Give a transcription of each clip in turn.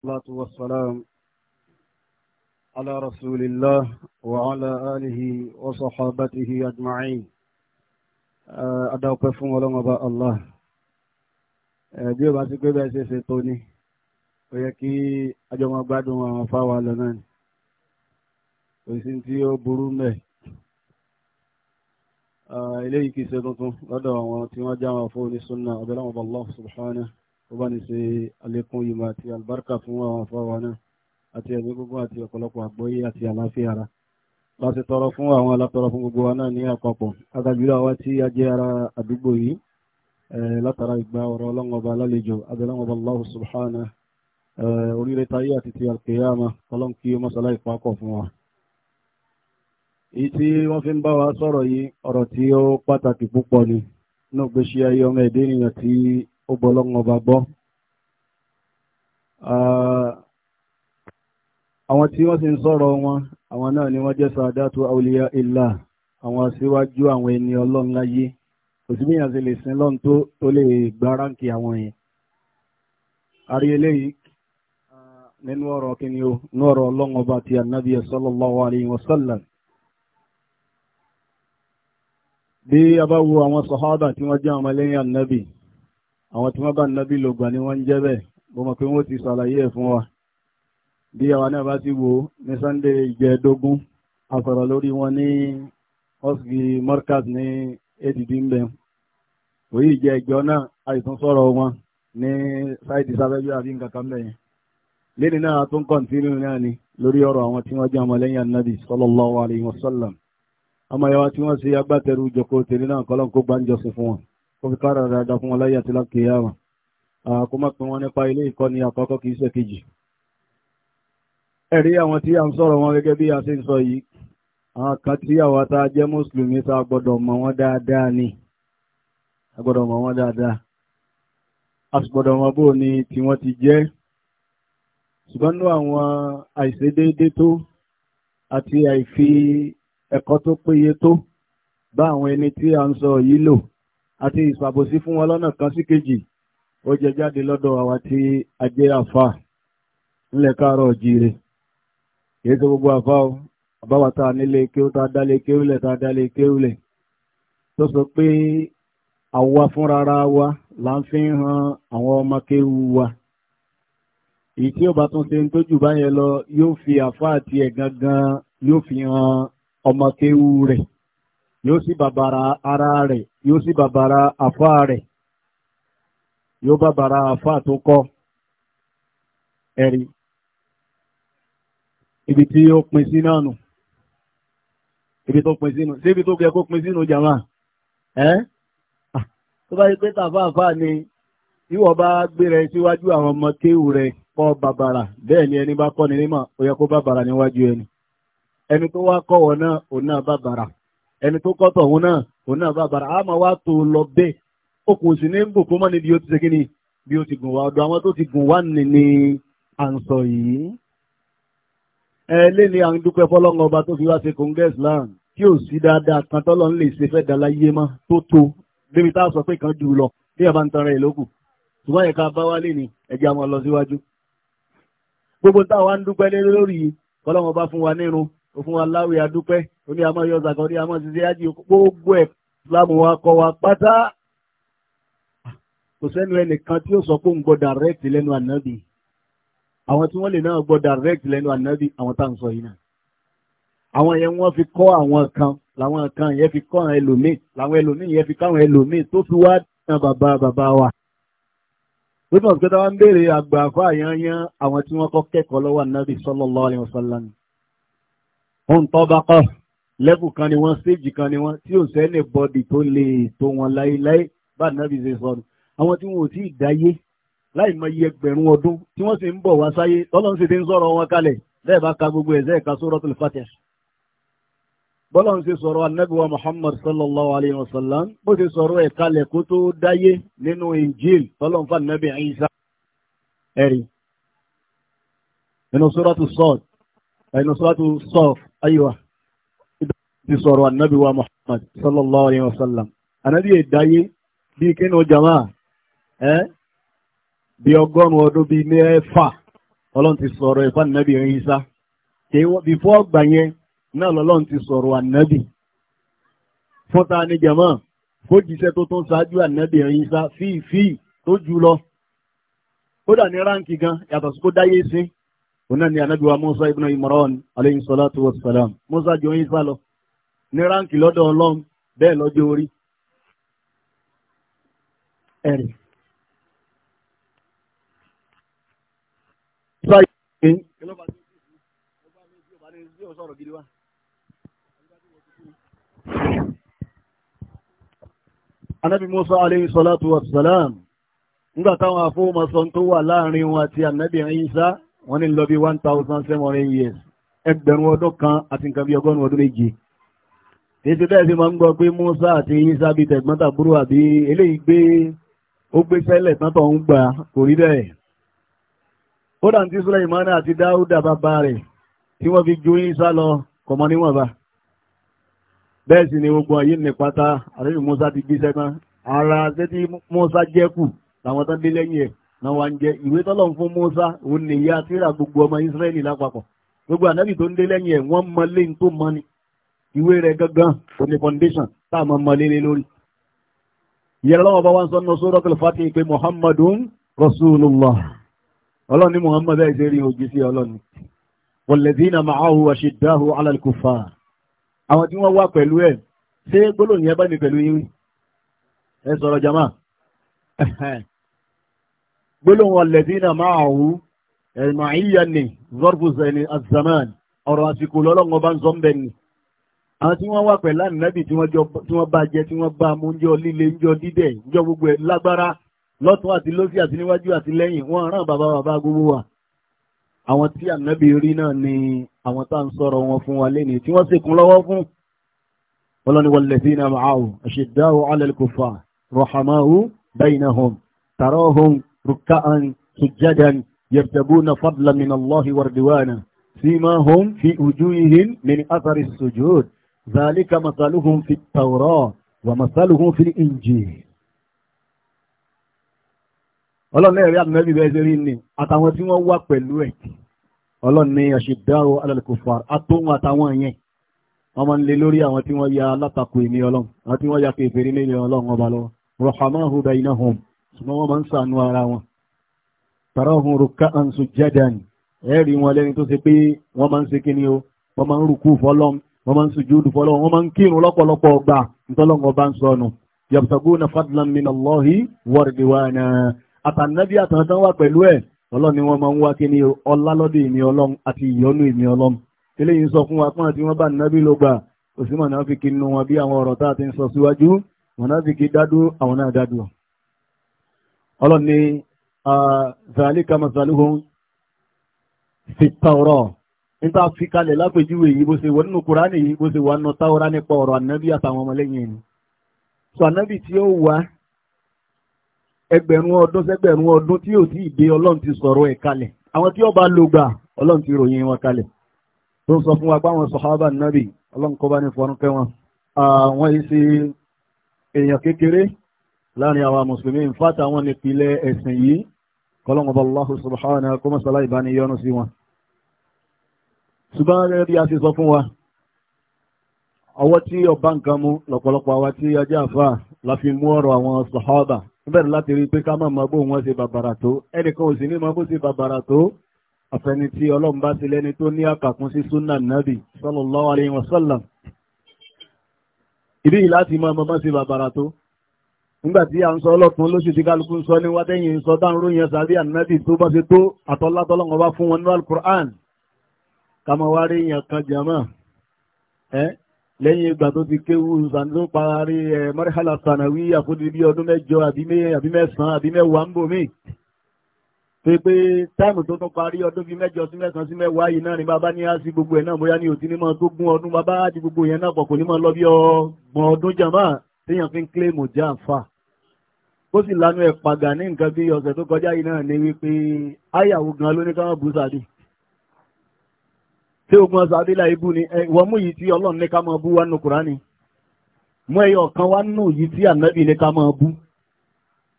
الصلاة والسلام على رسول الله وعلى آله وصحابته أجمعين أدعوك فهم ولم أبا الله bí o bá ti gbé bẹ́ẹ̀ ṣe ṣe tó ní ó yẹ kí ajọmọ gbádùn àwọn fáwọn àlọ náà ni kò sí tí ó burú mẹ́ eléyìí kìí ṣe tuntun lọ́dọ̀ àwọn tí wọ́n já wọn fún oníṣúná ọ̀bẹ̀lọ́wọ̀n bá Allah subhanahu ó bá ní ṣe àlékún ìmọ̀ àti àlùbáríkà fún àwọn afáwa náà àti ẹ̀mí gbogbo àti ọ̀pọ̀lọpọ̀ àgbọ́yé àti àlàáfíà ara láti tọrọ fún àwọn alátọrọ fún gbogbo wa náà ní àpapọ̀ agajúlọ àwa tí a jẹ́ ara àdúgbò yìí látara ìgbà ọ̀rọ̀ ọlọ́ngọba lálejò abẹ́lẹ́ngọba Allahu subhana oríire tayé àti ti alkiyama ọlọ́n mọ́sálá ìpapọ̀ fún wa èyí tí wọ́n fi ń bá wa sọ̀rọ̀ yìí ọ̀rọ̀ tí ó pàtàkì púpọ̀ ni náà gbéṣẹ́ ayé ọmọ ẹ̀dẹ́ ènìyàn tí ó gbọ́ lọ́wọ́ ọba gbọ́. àwọn tí wọ́n sì ń sọ̀rọ̀ wọn àwọn náà ni wọ́n jẹ́ sàdátù awliya illa àwọn síwájú àwọn ẹni ọlọ́run láyé kò sí bíyàn bí a bá wo àwọn sàhábà tí wọ́n jẹ́ àwọn ọmọlẹ́yìn ànábì àwọn tí wọ́n bá nàbí lògbà ni wọ́n ń jẹ́ bẹ́ẹ̀ bó mọ̀ pé wọ́n ti ṣàlàyé ẹ̀ fún wa bí àwa náà bá ti wo ní sunday ìjẹ́ẹ̀dógún a sọ̀rọ̀ lórí wọn ní osgi markaz ní adb ń bẹ òyì ìjẹ́ ìjọ náà àìsàn sọ̀rọ̀ wọn ní sáìtì sábẹ́jú àbí nǹkan kan bẹ́ẹ̀ lẹ́ni náà tó ń kọ̀ǹtínú náà ni lórí ọ̀rọ̀ àwọn tí wọ́n jẹ́ ọmọlẹ́yìn anabi sallallahu alayhi wa sallam ọmọ yàrá tí wọ́n ṣe agbátẹrù jòkó tèmi náà kọ́lọ́n kó gbáǹjọ́sìn fún wọn kó fi kára dáadáa fún wọn láyé àti lákìyàmà kó má pín wọn nípa ilé ìkọ́ni àkọ́kọ́ kìí ṣe kejì ẹ̀rí àwọn tí a ń sọ̀rọ̀ wọn gẹ́gẹ́ bí a ṣe ń sọ yìí àwọn kan tí àwa tá a jẹ́ mùsùlùmí tá a gbọ́dọ̀ mọ̀ wọ́n dáadáa ni a gbọ́dọ̀ mọ̀ wọ́n dáadáa a sì gbọ́dọ̀ mọ̀ bó ni tí wọ́n ti jẹ́ ṣùgbọ́n ní àwọn àìṣedéédé tó àti àìfi ẹ̀kọ́ tó péye tó bá àwọn ẹni tí a ń sọ yìí lò àti ìṣàbòsí fún wọn lọ́nà kan sí kejì ó jẹ jáde lọ́dọ̀ àwa tí a jẹ́ àfà káàárọ̀ gbogbo àfà o àbáwá tá nílé kí ó tá dálé kéwìlẹ̀ tá dálé kéwìlẹ̀ tó sọ pé àwa fúnra ara wa là ń fi hàn àwọn ọmọ kéwù wa èyí tí tún ṣe ń tójú báyẹn fi àti ẹ̀ gangan yóò fi han ọmọ kéwù rẹ̀ yóò babara bàbàrà ara rẹ̀ yóò sì babara àfá rẹ̀ yóò babara àfá tó kọ́ ẹ̀rí ibi tí ó pin sí náà nù ibi tó pin sínú síbi tó yẹ kó sínú jàmá ẹ́ tó bá pé tàfáàfá ni iwọ bá gbéra síwájú àwọn ọmọ kéwù rẹ̀ kọ́ bàbàrà bẹ́ẹ̀ ni ẹni bá kọ́ ni ó yẹ kó níwájú ẹni ẹni tó ẹni tó kọ́tọ̀ òun náà òun náà bá bàrà àmọ́ wá tó lọ bẹ́ẹ̀ okùn sì ní bùkún mọ́ níbi ó ti ṣe kí ni bí ó ti gùn wá ọ̀dọ̀ àwọn tó ti gùn wá nì ní à ń sọ yìí. ẹ lé ní à ń dúpẹ́ fọlọ́ngàn ọba tó fi wá ṣe kòńgẹ́ Islam kí ò sí dáadáa kan tọ́lọ́ ń lè ṣe fẹ́ dala yé mọ́ tó tó débi tá a sọ pé kan jù lọ bí ẹ bá ń tan ara ẹ lókù ṣùgbọ́n ẹ̀ka bá wá lè ní ẹ̀jẹ̀ àwọn lọ síwájú. gbogbo táwa ń dúpẹ́ lórí fọlọ́ngàn ọba fún wa nírun ó fún wa láwẹ̀ adúpẹ́ oní àmọ́ yọ zàkà oní àmọ́ ṣiṣẹ́ ájì gbogbo ẹ̀ lámù wa kọ wa pátá kò sẹ́nu ẹnìkan tí ó sọ pé ń gbọ́ direct lẹ́nu ànábì àwọn tí wọ́n lè náà gbọ́ direct lẹ́nu ànábì àwọn tá à ń sọ yìí náà àwọn yẹn wọ́n fi kọ́ àwọn kan làwọn kan yẹn fi kọ́ àwọn ẹlòmíì làwọn ẹlòmíì yẹn fi kọ́ àwọn ẹlòmíì tó fi wá dán bàbá bàbá wa lójú ọ̀sẹ̀ táwọn ń béèrè àgbà àfa àyányán àwọn tí wọ́n kọ́ kẹ́kọ̀ọ́ lọ́wọ́ ànábì sallallahu alaihi wasallam ń tọ́ bá kọ́ level kan ni wọ́n stage kan ni wọ́n tí ò sẹ́ni bọ́dì tó lè tó wọn láéláé bá nàbí ṣe sọnù àwọn tí wọn ò tí ì dáyé láì mọ iye ẹgbẹ̀rún ọdún tí wọ́n sì ń bọ̀ wá sáyé tọ́lọ́n sì ti ń sọ̀rọ̀ wọn kalẹ̀ bẹ́ẹ̀ bá ka gbogbo ẹ̀ sẹ́ẹ̀ka Suratul Fatiha. bọ́lọ́n sì sọ̀rọ̀ anábìwá Muhammad sallallahu alayhi wa sallam bó ti sọ̀rọ̀ ẹ̀ kalẹ̀ kó tó dáyé nínú Injil tọ́lọ́n fún anábì Isa. ẹ̀rí nínú Suratul Sad nínú Suratul Saf aywa ti sọ̀rọ̀ ànábì wa Muhammad sallallahu alayhi wa sallam ànábì ìdáyé bí kínú jama ẹ́ bí ọgọ́rùn-ún ọdún bí mẹ́fà ọlọ́run ti sọ̀rọ̀ ẹ̀fà ànábì Ìsá bífọ́ ọgbà yẹn náà lọ́lọ́run ti sọ̀rọ̀ ànábì fún ta ni jama kó jíṣẹ́ tó tún ṣáájú ànábì Ìsá fífíì tó jù lọ kódà ní ráǹkì gan yàtọ̀ sí kó dáyé sí òun náà Musa ibn Imran alayhi salatu wa salam Musa jọ Ìsá lọ ní ráǹkì lọ́dọ̀ ọlọ́run bẹ́ẹ̀ lọ́jọ́ orí ẹ̀rì Anabi Musa alayhi salatu wa salam, nígbà táwọn àfóhùnmọ̀ sọ tó wà láàrin wọn àti Anábi Isa, wọ́n ní lọ bí 1,700 years, ẹgbẹ̀rún ọdún kan àti nǹkan bí ọgọ́rùn ọdún méje ètò tẹ́ẹ̀fí ma ń gbọ́ pé Musa àti Isa bí tẹ̀gbọ́ntàbúrò àbí eléyìí gbé ó gbé sẹ́lẹ̀ tọ́tọ̀ ń gbà kò rí bẹ́ẹ̀ ó dà tí Sulaimana àti Dáúdà bàbá rẹ̀ tí wọ́n fi ju Isa lọ kọmọ níwọ̀n bá bẹ́ẹ̀ sì ni gbogbo ayé ní pátá àrẹ́bí Musa ti gbé sẹ́gbọ́n ara ṣé tí Musa jẹ́ kù làwọn tán dé lẹ́yìn ẹ̀ náà wá ń jẹ ìwé tọ́lọ̀ ń fún Musa òun nìyá ìwé rẹ̀ gangan kò ní foundation tá a máa mọ lé lórí. ìyẹn lọ́wọ́ bá wá ń sọ nínú suratul Fatih pé Muhammadun Rasulullah ọlọ́ni Muhammad ẹ̀ ṣe rí ojú sí ọlọ́ni. walladhina ma'ahu ashiddahu 'ala al-kuffar àwọn tí wọ́n wá pẹ̀lú ẹ̀ ṣé gbólóhùn yẹn bá ní pẹ̀lú yín ẹ sọ̀rọ̀ jama gbólóhùn walladhina ma'ahu ẹ̀rìmọ̀ àyíyá ni zọ́rbùsẹ̀ ni azaman ọ̀rọ̀ àsìkò lọ́lọ́ngọ́ àwọn tí wọ́n wà pẹ̀lú ànìyàn tí wọ́n bá jẹ tí wọ́n bá mú jọ líle jọ dídẹ̀ jọ gbogbo ẹ̀ lágbára lọ́tún àti lósì àti níwájú àti lẹ́yìn wọ́n ràn bàbá bàbá gbogbo wa àwọn tí ànábì rí náà ni àwọn tá à ń sọ̀rọ̀ wọn fún wa lẹ́ni tí wọ́n sèkún lọ́wọ́ fún ọlọ́ni walladhina ma'ahu ashiddahu 'ala al-kuffar rahamau bainahum ذلك مثلهم في التوراة ومثلهم في الإنجيل ọlọ́run ẹ̀rí àmì bẹ́ẹ̀ rí ni àtàwọn tí wọ́n wà pẹ̀lú ẹ̀ ọlọ́run ni àṣìdárò alẹ́lẹ́kọ̀fà àtòhun àtàwọn yẹn wọ́n máa ń lè lórí àwọn tí wọ́n ya látakò ìní ọlọ́run àwọn tí wọ́n ya kèfèrí nílé ọlọ́run ọba lọ́wọ́ rọ̀hámáhù bainahum ṣùgbọ́n wọ́n máa ń sànú ara wọn tarahum ruka'an sujjadan ẹ̀rí wọ́n máa ń sùjúdù fọ́lọ́wọ́ wọ́n máa ń kírun lọ́pọ̀lọpọ̀ ọgbà nítọ́lọ́wọ́ bá ń sọnù yabtaguna fadlan min Allahi wa ridwana àtànábí àtàntán wà pẹ̀lú ẹ̀ ọlọ́run ni wọ́n máa ń wá kí ni ọlá lọ́dọ̀ ìmí ọlọ́run àti ìyọ́nú ìmí ọlọ́run eléyìí ń sọ fún wa pọ́n àti wọ́n bá nábí ló gbà kò sí mọ̀nàfíkì nínú wọn bí àwọn ọ̀rọ̀ tá a ti ń sọ síwájú mọ̀nàfíkì dádú àwọn náà dádú ọlọ́run ni zalika masaluhum fi tawrah nígbà fi kalẹ̀ lápèjúwe yìí bó ṣe wọ nínú kùránì yìí bó ṣe wà nínú táwọ́rá nípa ọ̀rọ̀ ànábì àtàwọn ọmọlẹ́yìn ẹni sọ ànábì tí ó wà ẹgbẹ̀rún ọdún sẹ́gbẹ̀rún ọdún tí ò tí ì dé ọlọ́run ti sọ̀rọ̀ ẹ̀ kalẹ̀ àwọn tí ó bá lò gbà ọlọ́run ti ròyìn wọn kalẹ̀ tó ń sọ fún wa báwọn sọ̀hábà nábì ọlọ́run kọ́ bá ní fọ́nrún kẹ́ wọn ṣùgbọ́n rẹ̀ bí a ṣe sọ fún wa ọwọ́ tí ọba nǹkan mú lọ́pọ̀lọpọ̀ àwa tí ajé àfà la fi mú ọ̀rọ̀ àwọn sọ̀hábà bẹ̀rẹ̀ láti rí pé ká má mọ bó wọn ṣe bàbàrà tó ẹnìkan ò sì ní mọ bó ṣe bàbàrà tó àfẹni tí ọlọ́run bá ti lẹ́ni tó ní àkàkún sí súnà nàbì sallallahu alayhi wa sallam ìdí yìí láti mọ ọmọ bá ṣe bàbàrà tó nígbà tí à ń sọ ọlọ́tún lóṣù tí kálukú ń sọ ní wádẹ́yìn sọ dáhùn ròyìn sàbí ànábì tó bá ṣe tó àtọ́látọ́lọ́wọ́n bá fún wọn ní alukur'an kàmọ́ wá rí èèyàn kan jàmá ẹ́ lẹ́yìn ìgbà tó ti kéwú sàndó parí ẹ̀ mọ́rẹ́hálà sànàwí àfojì bí ọdún mẹ́jọ àbí mẹ́sàn-án àbí mẹ́wàá ń bò míì pé pé táìmù tó tún parí ọdún bíi mẹ́jọ sí mẹ́sàn-án sí mẹ́wàá yìí náà ni bàbá ní á sí gbogbo ẹ̀ náà bóyá ní òtí nímọ̀ tó gún ọdún bàbá àti gbogbo yẹn náà pọ̀ kò nímọ̀ lọ bí ọgbọ̀n ọdún jàmá téèyàn fi ń kílèmù já àfà ó sì lanu ẹ̀ pàgà ní nǹkan bí ọ̀sẹ̀ tó kọjá yìí náà ni wípé áyàwó gan ló ní káwọn bùsà tí ogun ọ̀sán adélà ibú ni wọ́n mú yìí tí ọlọ́run ní ká máa bú wá nù kúránì mú ẹyọ kan wá nù yìí tí ànábì ní ká máa bú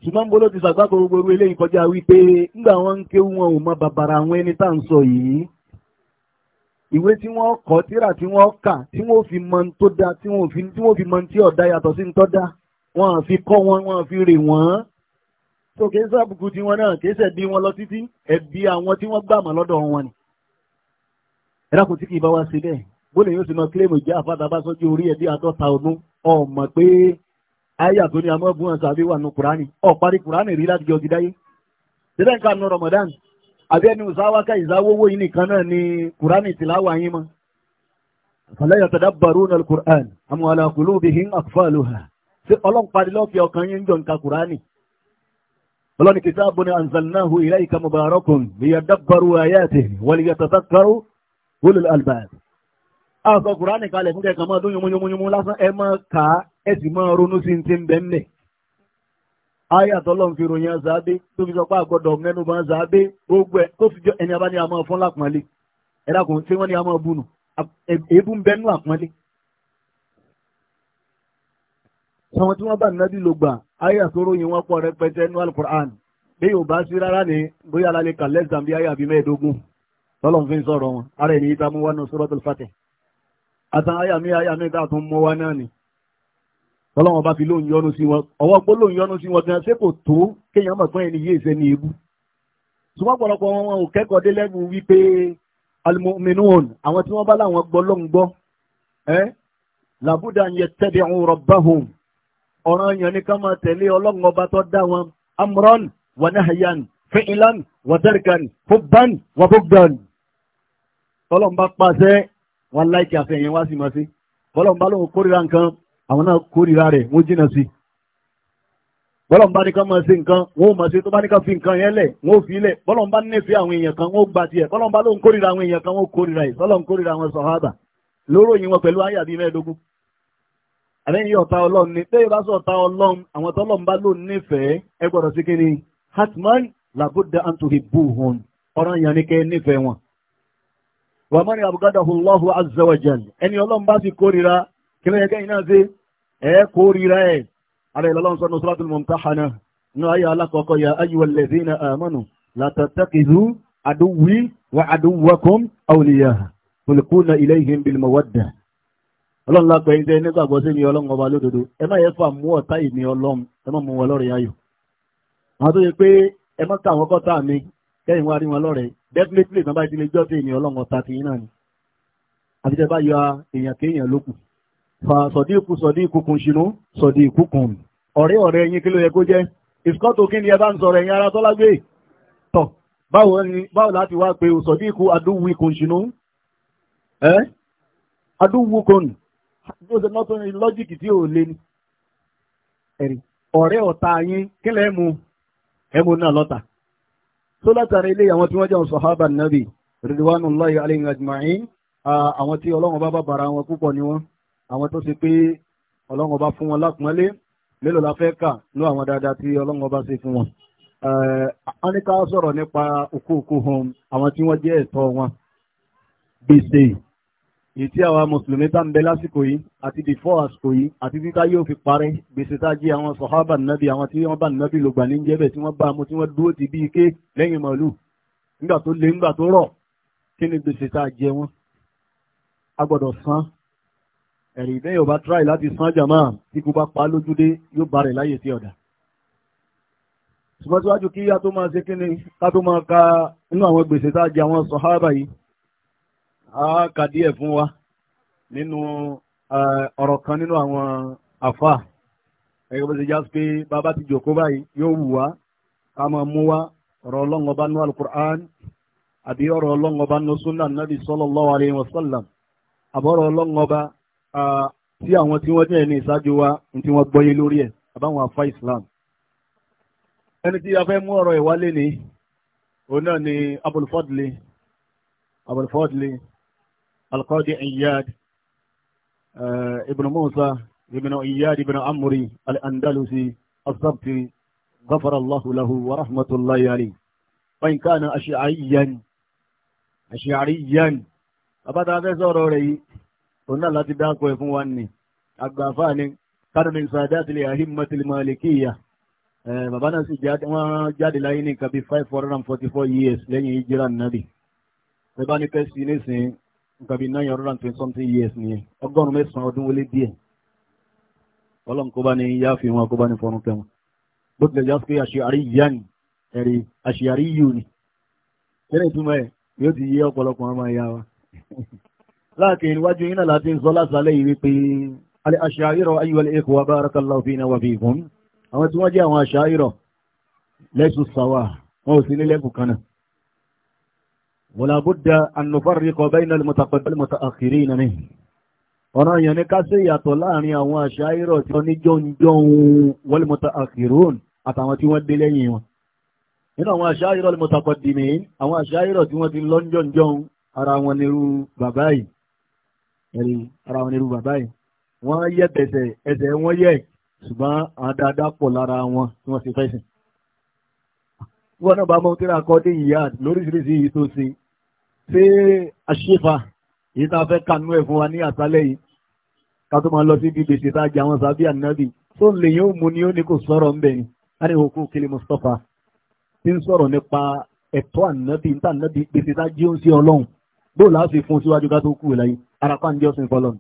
ṣùgbọ́n bó ló ti sàgbákò gbogbo orú eléyìí kọjá wípé ńgbà wọn ń ké wọn ò mọ bàbàrà àwọn ẹni tá à ń sọ yìí ìwé tí wọ́n kọ tíra tí wọ́n kà tí wọ́n fi mọ tó da tí wọ́n fi mọ tí ọ̀dà yàtọ̀ sí tó da wọ́n á fi kọ́ wọn wọ́n á fi rè wọ́n tó kéésà bùkún tiwọn náà kéésà bí wọn lọ títí ẹ̀bi àwọn tí wọ́n gbàmọ̀ lọ́dọ̀ wọn ni ẹ̀dàkùn tí kì í bá wá sí bẹ́ẹ̀ bóyá yóò sì máa kílèmù ìjà àfàdà bá sọ́jú orí ẹ̀ bí àtọ́ta ọdún ọmọ pé ayà tó ní amọ́bùn àti àbí wà nù kùránì ọ̀parí kùránì rí láti jọ ti dáyé síbẹ̀ nǹkan nù Ramadan àbí ẹni ìsáwáká ìsáwówó yìí nìkan náà ni kùránì tìláwà yín mọ́ fala yatadabbaruna al-Qur'an am ala qulubihim aqfaluha ṣé wọlé albab àṣọ kùránì kalẹ̀ fún kẹkàn máa dún yomoyomoyomo lásán ẹ máa kà á ẹ sì máa ronú sí ti ń bẹ́ẹ̀ mẹ́ ayé àtọ́lọ́n fi ròyìn àzàbé tó fi sọ pé àgbọ̀dọ̀ mẹ́nu bá àzàbé gbogbo ẹ̀ tó fi jọ ẹni abá ní a máa fún lápọ́nlé ẹ dákun tí wọ́n ní a máa bùnù èébú ń bẹ́nu àpọ́nlé. sọ̀rọ̀ tí wọ́n bá nàbí ló gbà ayé àtọ́ròyìn wọn pọ̀ rẹpẹtẹ nínú alukur'an bí yóò bá sí rárá ni bóyá alálẹ́ kà lẹ́sàn bí ayé àbí mẹ́ẹ̀ẹ́dógún tọ́lọ́n fi ń sọ̀rọ̀ wọn ara ènìyàn bá mú wá náà Suratul Fatih àtàn àyàmí àyàmí tá a tún mú wá náà ni tọ́lọ́wọ́n bá fi lóun yọnu sí wọn ọwọ́ pé lóun yọnu sí wọn gan ṣé kò tó kéèyàn mọ̀ pé ẹni yé ìṣẹ́ ní ebú ṣùgbọ́n ọ̀pọ̀lọpọ̀ wọn ò kẹ́kọ̀ọ́ dé lẹ́nu wípé al àwọn tí wọ́n bá láwọn gbọ́ lóun gbọ́ ẹ́ làbúdà ń yẹ tẹ́lẹ̀ ń rabbahum ọ̀ràn yẹn ní ká máa tẹ̀lé ọlọ́run ọba tó dá wọn amran wa nahyan fi'lan wa tarkan hubban wa bughdan tọ́lọ́n bá pàṣẹ wọn láìkí àfẹ́yìn wá sí máa sí bọ́lọ́n bá lóun kórìíra nǹkan àwọn náà kórìíra rẹ̀ wọ́n jìnnà sí bọ́lọ́n bá ní ká máa ṣe nǹkan wọ́n ò máa ṣe tó bá ní ká fi nǹkan yẹn lẹ̀ wọ́n ò fi lẹ̀ bọ́lọ́n bá nífẹ̀ẹ́ àwọn èèyàn kan wọ́n gba tiẹ̀ bọ́lọ́n bá lóun kórìíra àwọn èèyàn kan wọ́n kórìíra ẹ̀ tọ́lọ́n kórìíra àwọn sàhábà lóró yìí wọn pẹ̀lú àyà bíi mẹ́ẹ̀ẹ́dógún àlẹ́yìn ọ̀tá ọlọ́run ni tẹ́yìn bá sọ ọ̀tá ọlọ́run àwọn tọ́lọ́run bá lóun nífẹ̀ẹ́ ẹ gbọ́dọ̀ sí kí ni hatman labudda antuhibbuhun ọ̀rọ̀ yẹn ni kẹ́ nífẹ̀ẹ́ wọn wà mọ́ni àbúgádàhùn Allahu azza wa jal ẹni ọlọ́run bá sì kórìíra kí ló yẹ kẹ́yìn náà ṣe ẹ̀ kórìíra ẹ̀ ara ìlọ́lọ́run sọ́nù suratul mumtahana ní ayé alákọ̀ọ́kọ́ ya ayyuhal ladhina amanu la tattakhidhu aduwwi wa aduwwakum awliya tulquna ilayhim bil mawadda ọlọ́run lápẹ́ ọlọ́run ọba kẹ́yìn wá rí wọn lọ́rẹ̀ẹ́ definitely tán bá ti lè jọ́ tí ènìyàn ọlọ́run ọ̀tá ti náà ni àti tẹ́ bá yọ èèyàn kéèyàn lókù fa sọ̀díkù sọ̀díkù kùn ṣinú sọ̀díkù kùn ọ̀rẹ́ ọ̀rẹ́ yín kí ló yẹ kó jẹ́ ìsìkọ́tò kí ni ẹ bá ń sọ̀rọ̀ ẹ̀yin ara tọ́lágbé tọ̀ báwo ni báwo láti wá pé sọ̀díkù adúwì kùn ṣinú ẹ́ adúwù kùn ló ṣe náà tó ní lọ́jìkì tí ò lé ni ọ̀rẹ́ ọ̀tá yín kí lẹ́ẹ̀mú ẹ̀mú náà lọ́ta tó látàrí ilé àwọn tí wọ́n jẹ́ sọ̀hábà nàbì ridwanullahi alayhim ajma'in àwọn tí ọlọ́run bá bá bara wọn púpọ̀ ni wọ́n àwọn tó ṣe pé ọlọ́run bá fún wọn lápọ́nlé mélòó la fẹ́ kà ní àwọn dáadáa tí ọlọ́run bá ṣe fún wọn. wọ́n ní ká sọ̀rọ̀ nípa òkú hàn àwọn tí wọ́n jẹ́ ẹ̀tọ́ wọn gbèsè ìtí àwa mùsùlùmí tá ń bẹ lásìkò yìí àti bìfọ́ àsìkò yìí àti títa yóò fi parẹ́ gbèsè tá a jẹ́ àwọn sọ̀hábà nàbì àwọn tí wọ́n bá nàbì lògbà ní jẹ́bẹ̀ tí wọ́n bá mu tí wọ́n dúró ti bí ike lẹ́yìn màálù nígbà tó le nígbà tó rọ̀ kí ni gbèsè tá a jẹ wọ́n a gbọ́dọ̀ san ẹ̀rí bẹ́ẹ̀ yóò bá tíráì láti san jàmá tí kò bá pa lójúdé yóò bá rẹ̀ láyè sí ọ̀dà ni ká ka inú àwọn gbèsè tá a a kà díẹ̀ fún wa nínú ọ̀rọ̀ kan nínú àwọn àfa ẹgbẹ́ bó ṣe já pé bàbá ti jòkó báyìí yóò wù wá ká máa mú wá ọ̀rọ̀ ọlọ́run ọba nú alukur'an àbí ọ̀rọ̀ ọlọ́run ọba nú sunna nabi sallallahu alayhi wa sallam àbọ̀rọ̀ ọlọ́run tí àwọn tí wọ́n jẹ́ ní ìṣáájú wa tí wọ́n gbọ́yé lórí ẹ̀ àbáwọn afá islam ẹni tí a fẹ́ mú ọ̀rọ̀ ìwálé ni òun náà ni abulfadli abulfadli القاضي إياد ابن موسى ابن إياد ابن عمري الأندلسي الضبطي غفر الله له ورحمة الله عليه وإن كان أشعريا أشعريا أبدا غزر ري قلنا لا تداكو يفواني أقافاني كان من سادات الأهمة المالكية bàbá náà sì jáde láyé ní nǹkan bíi years lẹ́yìn ìjírà nàbì. ẹ bá ní nǹkan bíi nine hundred and twenty something years nìyẹn ọgọ́rùn-ún mẹ́sàn-án ọdún wọlé díẹ̀ ọlọ́run kó bá ní yá fi wọn kó bá ní fọrún kẹwọn bó tilẹ̀ já pé àṣeyàrí yá ni ẹ̀rí àṣeyàrí yìí ò ní kẹ́lẹ́ ìtumọ̀ ẹ̀ yóò ti yé ọ̀pọ̀lọpọ̀ ọmọ ìyá wa láàkín iwájú yín náà láti ń sọ lásàlẹ̀ yìí wípé alẹ́ àṣàyírọ̀ ayíwẹ̀lì ẹ̀kọ́ wa barakallahu fina wa fikum àwọn tí wọ́n wala budda an nufarriqa bayna al-mutaqaddimina wal-muta'akhkhirina minhu ọ̀nà yẹn ni ká ṣe ìyàtọ̀ láàrin àwọn àṣà irọ́ tí wọ́n ní jọ́njọ́n wal-muta'akhkhirun àtàwọn tí wọ́n dé lẹ́yìn wọn nínú àwọn àṣà irọ́ al-mutaqaddimin àwọn àṣà irọ́ tí wọ́n ti lọ jọ́njọ́n ara wọn nírú bàbá yìí ẹ̀rí ara wọn nírú bàbá yìí wọ́n yẹ tẹ̀sẹ̀ ẹsẹ̀ wọ́n yẹ ṣùgbọ́n àwọn dáadáa pọ̀ lára wọn tí wọ́n ti fẹ́ sìn. wọ́n náà bá mọ́ kíra akọ́dé ìyá lóríṣiríṣi yìí tó ṣe ṣé àṣefa èyí tá a fẹ́ kanú ẹ̀ fún wa ní àṣálẹ́ yìí ká tó máa lọ sí ibi gbèsè tá a jẹ àwọn sábẹ́ ànábì tó ń lèyìn ó mú ni ó ní kò sọ̀rọ̀ ń bẹ̀ ni láti òkú kele Mustapha ti ń sọ̀rọ̀ nípa ẹ̀tọ́ ànábì níta ànábì gbèsè tá a jẹun sí ọlọ́run bó la fi fún síwájú ká tó kú ẹ̀ láyé arapa ń jọ́sìn fọlọ́n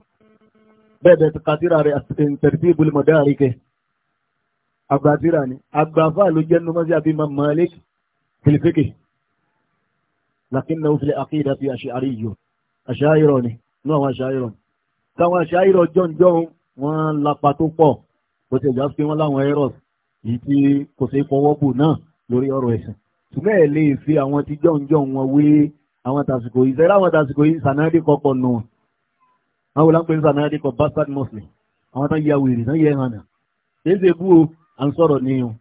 bẹ́ẹ̀ bẹ́ẹ̀ kátìrà rẹ̀ tẹ̀sí ìbúlẹ̀ àríkẹ́ لكنه في العقيدة أشعري أشاعرني نعم أشاعر táwọn aṣáírọ̀ jọ́njọ́n wọ́n lapa tó pọ̀ bó ti ẹ̀já pé wọ́n láwọn eros yìí tí kò sí fọwọ́bù náà lórí ọ̀rọ̀ ẹ̀sìn ṣùgbọ́n ẹ̀ lè fi àwọn tí jọ́njọ́n wọn wé àwọn tàsìkò yìí sẹ́rẹ́ àwọn tàsìkò yìí sànádì kọ́ pọ̀ nù wọn àwọn olùkọ́ ní sànádì kọ́ bastard muslim àwọn tán ya wèrè tán yẹ hànà kì í ṣe bú o à ń sọ̀rọ̀ níyàn.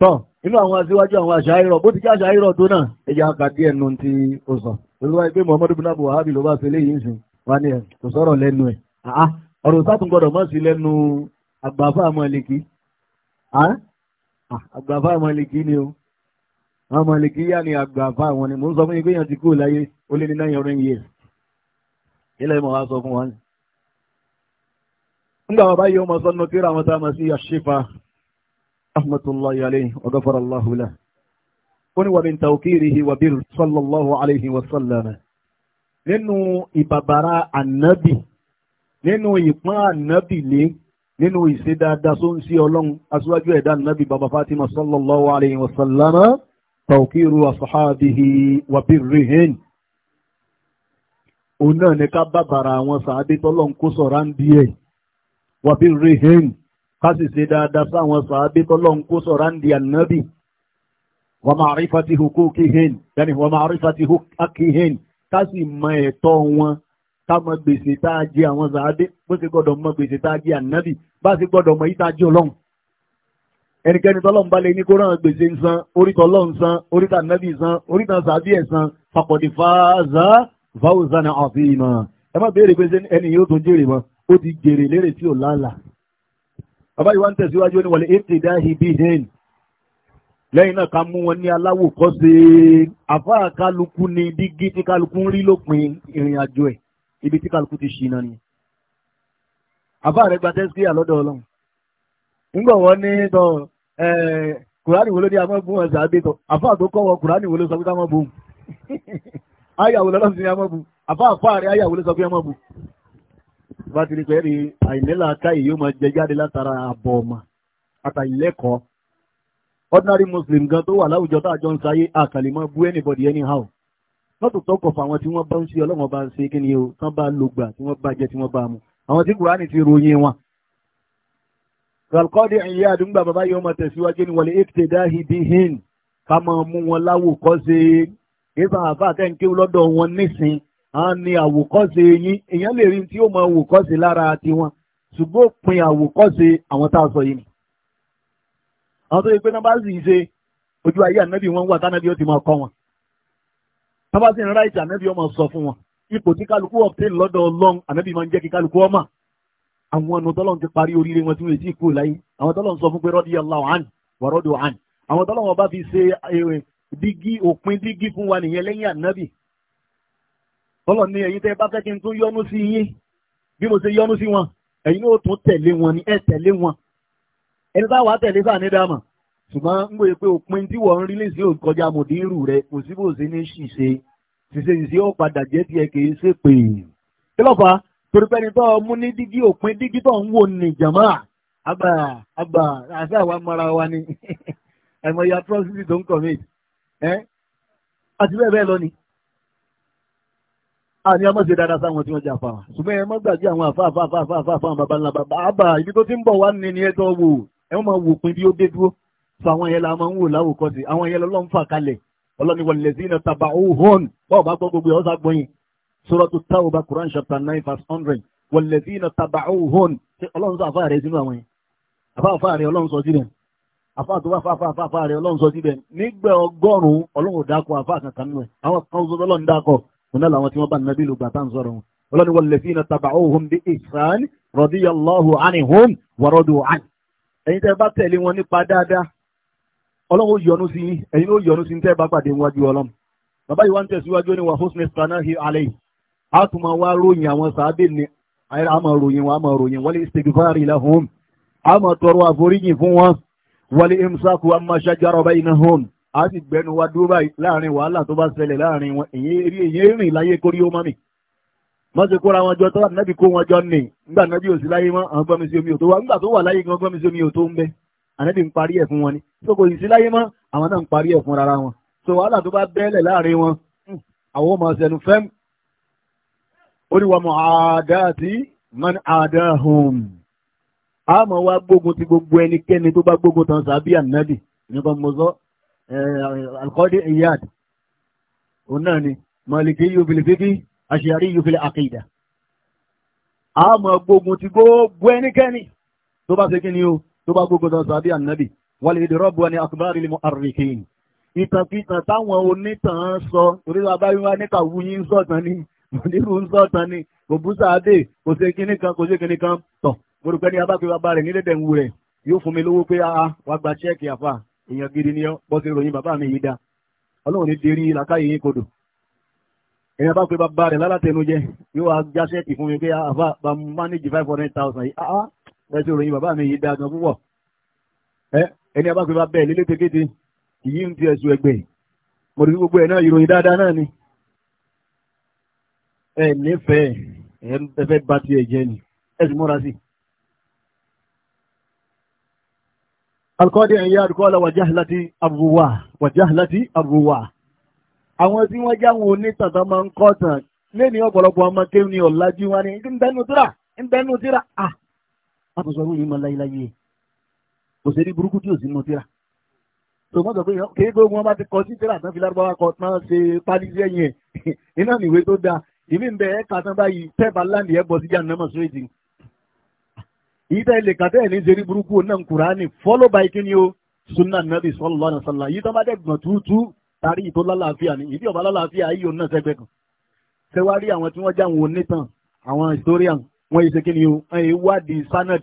tọ́ inú àwọn aṣíwájú àwọn àṣàírọ̀ bó ti jẹ́ àṣàírọ̀ tó náà ẹja kàdí ẹnu tí ó sọ olúwa ẹgbẹ́ muhammadu bin abu wahabi ló bá fi léyìn sùn wá ní ẹ kò sọ̀rọ̀ lẹ́nu ẹ̀ àá ọ̀rọ̀ sátún gbọ́dọ̀ mọ́ sí lẹ́nu àgbàfà mọ̀lìkì àgbàfà mọ̀lìkì ni o àwọn mọ̀lìkì yá ni àgbàfà wọn ni mò ń sọ fún yín pé èèyàn ti kú láyé ó lé ní nine hundred years ilé ìmọ̀ wa sọ fún wa nígbà wọn bá yẹ ọmọ sọ́nù tíra wọn tá a mọ̀ sí rahmatullahi alayhi wa ghafara Allahu lahu ó ní wa min tawqirihi wa bir sallallahu alayhi wa sallam nínú ìbàbàrà ànábì nínú ìpọ́n ànábì lé nínú ìṣe dáadáa tó ń ṣe ọlọ́run aṣíwájú ẹ̀dá ànábì bàbá Fatima sallallahu alayhi wa sallam tawqiru ashabihi wa birrihin òun náà ní ká bàbàrà àwọn sàádé tọ́lọ́run kó sọ̀rá ń díẹ̀ wa birrihin ká sì ṣe dáadáa sáwọn sàábé tọ́lọ́n kó sọ̀rọ̀ ń di ànábì wa ma'rifati huquqihin yani wa ma'rifati haqqihin ká sì mọ ẹ̀tọ́ wọn ká mọ gbèsè tá a jẹ àwọn sàábé bó ṣe gbọ́dọ̀ mọ gbèsè tá ànábì bá ṣe gbọ́dọ̀ mọ ìta jẹ ẹnikẹ́ni tọ́lọ́n bá lè ní kó gbèsè ń san oríta ọlọ́run san oríta ànábì san oríta sàábé ẹ̀ san faqad faza fawzan bàbá yìí wá ń tẹ̀síwájú ní wọlé ètè dáhì bí hẹ́n lẹ́yìn náà ká mú wọn ní aláwò kọ́ sí àfá kálukú ní dígí tí kálukú ń rí lópin ìrìn àjò ẹ̀ ibi tí kálukú ti ṣìnà ni àfá rẹ̀ gba tẹ́sí àlọ́dọ̀ ọlọ́run nígbà wọn ní tọ kùránì wo ló ní amọ́ bú wọn sàábé tọ àfá tó kọ́ wọn kùránì wo ló sọ pé ká mọ́ bú ayàwó lọ́lọ́sìn ni amọ́ bú àfá àfá rẹ̀ ayàwó ló sọ pé amọ́ bá ti rí pé rí àìnílà káyì yóò máa jẹ jáde látara àbọ̀ ọmọ àtàlẹ́kọ̀ọ́ ordinary muslim gan tó wà láwùjọ tá a jọ ń sáyé àkàlẹ̀ mọ́ bú anybody anyhow not to talk of àwọn tí wọ́n bá ń ṣe ọlọ́wọ́n bá ń ṣe kí ni o tán bá lò gbà tí wọ́n bá jẹ tí wọ́n bá mu àwọn tí kùránì ti ròyìn wọn. Ralkọ́dé ẹ̀yẹ àdúgbà bàbá yóò máa tẹ̀síwájú ní wọlé ètè dáhì bí hin ká máa mú wọn láwò kọ́ sí i. Ìfà lọ́dọ̀ wọn nísìn a ní àwòkọ́ṣe yín èèyàn lè rí tí ó mọ àwòkọ́ṣe lára tiwọn ṣùgbọ́n pin àwòkọ́ṣe àwọn tá a sọ yìí ni. àwọn tó yẹ pé náà bá sì ń ṣe ojú ayé ànábì wọn wà tánábì ó ti máa kọ́ wọn. tábà sì ń ráìtì ànábì ó máa sọ fún wọn ipò tí kálukú obtain lọ́dọ̀ ọlọ́run ànábì máa ń jẹ́ kí kálukú ọmọ. àwọn ọ̀nà tọ́lọ́run ti parí oríire wọn tí wọ́n ti kú láyé àwọn tọ́lọ́run sọ fún pé radiyallahu anhu wa radu anhu àwọn tọ́lọ́run ọba fi ṣe eh, dígí òpin dígí Ọlọ́run ní ẹ̀yin tẹ́ bá fẹ́ kí n tún yọ́nú sí yín bí mo ṣe yọ́nú sí wọn ẹ̀yin náà tún tẹ̀lé wọn ni ẹ tẹ̀lé wọn ẹni tá wàá tẹ̀lé sáà ní dáàmà ṣùgbọ́n ń gbé pé òpin tí wọ́n ń rí lèsì òkọjá mòdìrú rẹ kò sí bò sí ní ṣìṣe ṣìṣe ìṣe ó padà jẹ́ tiẹ̀ kì í ṣe pé kí lọ́fà torí pẹ́ni tó mú ní dígí òpin dígí tó ń wò ní jàmá mara wa ni àìmọye atrocity tó ń commit ẹ́ àti bẹ́ẹ̀ bẹ́ẹ̀ lọ ni àní ọmọ ṣe dáadáa sáwọn tí wọ́n jà fáwọn ṣùgbọ́n ẹ má gbàgbé àwọn àfáàfáàfáàfáàfáà bàbá ńlá bàbá àbà ibi tó ti ń bọ̀ wá ní ni ẹjọ́ wò ẹ wọ́n máa wò pin bí ó dé dúró fún àwọn yẹn la máa ń wò láwòkọ́ sí àwọn yẹn lọ́n fà kalẹ̀ ọlọ́ni wọlé sí iná taba ohun bọ́ọ̀ bá gbọ́ gbogbo ẹ̀ ọ́sà gbọ́yìn Suratu Tawba Quran chapter nine verse hundred wọlé sí iná taba ohun ọlọ́run sọ àfáà rẹ̀ sínú àwọn yẹn àfáàfáà rẹ̀ ọlọ́run sọ síbẹ̀ àfáà tó bá fáfáfáà rẹ̀ ọlọ́run sọ síbẹ̀ nígbà ọgọ́rùn-ún ọlọ́run dákọ̀ àfáà kankan nù ẹ̀ àwọn kan sọ lọ́run dákọ̀ wọn làwọn tí wọ́n bá nàbí lu bàtà ń sọ̀rọ̀ wọn ọlọ́ni wọ́n lẹ́sìn iná tàbá òhun bí ihsan radiyallahu anhum wọ́rọ́dù àn ẹ̀yin tẹ́ bá tẹ̀lé wọn nípa dáadáa ọlọ́run ó yọ́nú sí yín ẹ̀yin ó yọ́nú sí tẹ́ bá pàdé wájú ọlọ́run bàbá yìí wá ń tẹ̀síwájú ní wa husni sanahi alayhi a tún máa wá ròyìn àwọn sàábẹ̀ ni a ròyìn wọn a ròyìn wal istighfari a sì gbẹnu wa dúró báyìí láàrin wàhálà tó bá ṣẹlẹ̀ láàrin wọn èyí rìn láyé kórí ó mọ́mì má ṣe kóra wọn jọ tó wà nẹ́bí kó wọn jọ nì nígbà nẹ́bí ò sí láyé mọ́ àwọn gbọ́mi sí omi ò tó wá nígbà tó wà láyé gan gbọ́mi sí omi ò tó ń bẹ ànẹ́bí ń parí ẹ̀ fún wọn ni tó kò sí láyé mọ́ àwọn náà ń parí ẹ̀ fún rárá wọn so wàhálà tó bá bẹ́ẹ̀lẹ̀ láàrin wọn hmm, àwọn ọmọ ṣẹnu fẹ́m ó ní wàmọ̀ àdáàtì man àdáhùn àmọ́ wa gbógun ti gbogbo ẹnikẹ́ni tó bá gbógun tán sàbí ànẹ́bí nípa mọ́sọ́ Eh, alkọ́dé iyad òun náà ni maliki yóò fi lè fi kí aṣíyàrí yóò fi lè àkìdà a mọ̀ gbógun ti gbogbo ẹnikẹ́ni tó bá ṣe kí ni o tó bá gbógun tó sàbí ànábì wal idrabu ni akbari lil mu'arrikin ìtànkìtàn táwọn onítàn sọ torí abáyé wa níta wúyí ń èèyàn gidi ni ọ bọ́ sí ròyìn bàbá mi yìí dá ọlọ́run ní dérí làkàyè yín kodò èèyàn bá pe bàbá rẹ̀ lálátẹnujẹ yóò wá já sẹ́ẹ̀tì fún mi pé ah, àbá bá manage five hundred thousand yìí áá bọ́ sí ròyìn bàbá mi yìí dá gan púpọ̀ ẹ ẹni bá pe bàbá ẹ̀ lélẹ́ tẹ́kẹ́tẹ́ kìí ń ti ẹ̀sùn ẹgbẹ́ mo rí gbogbo ẹ̀ náà ìròyìn dáadáa náà ni ẹ nífẹ̀ẹ́ ẹ fẹ́ bá tiẹ̀ jẹ ni ẹ sì múra sí i. alkọ́dé ẹ̀yà àdúkọ́lá wàjáhìláti àrùwà wàjáhìláti àrùwà àwọn tí wọ́n jáwọn onítàtà máa ń kọ́ tàn lé ní ọ̀pọ̀lọpọ̀ ọmọ kéwù ní ọ̀làjú wa ní nbẹ́nu tíra nbẹ́nu tíra à àtúnṣọ́rù yìí máa láyéláyé kò sí ní burúkú tí ò sí nù tíra tó mọ́ sọ pé kéé gbogbo wọn bá ti kọ sí tíra tán fi lárúbáwá kọ tán ṣe pálí sí ẹ̀yìn ẹ̀ iná nìwé tó da ìmí ń bẹ ẹ̀ka tán báyìí tẹ́ẹ̀bà láǹdì ẹ̀ yìí tẹ́ lè kàtẹ́ ní ṣe rí burúkú follow by kí ni o sunna nabi sallallahu alaihi wasallam yìí tán bá dẹ̀ gbọ̀n tari tàrí ìtò lálàáfíà ni ìdí ọ̀bá lálàáfíà yìí òun náà sẹ́gbẹ̀ẹ́ kan ṣẹwárí àwọn tí wọ́n jáwọn onítàn àwọn historian wọ́n yìí ṣe kí ni o wọ́n yìí wádìí sanad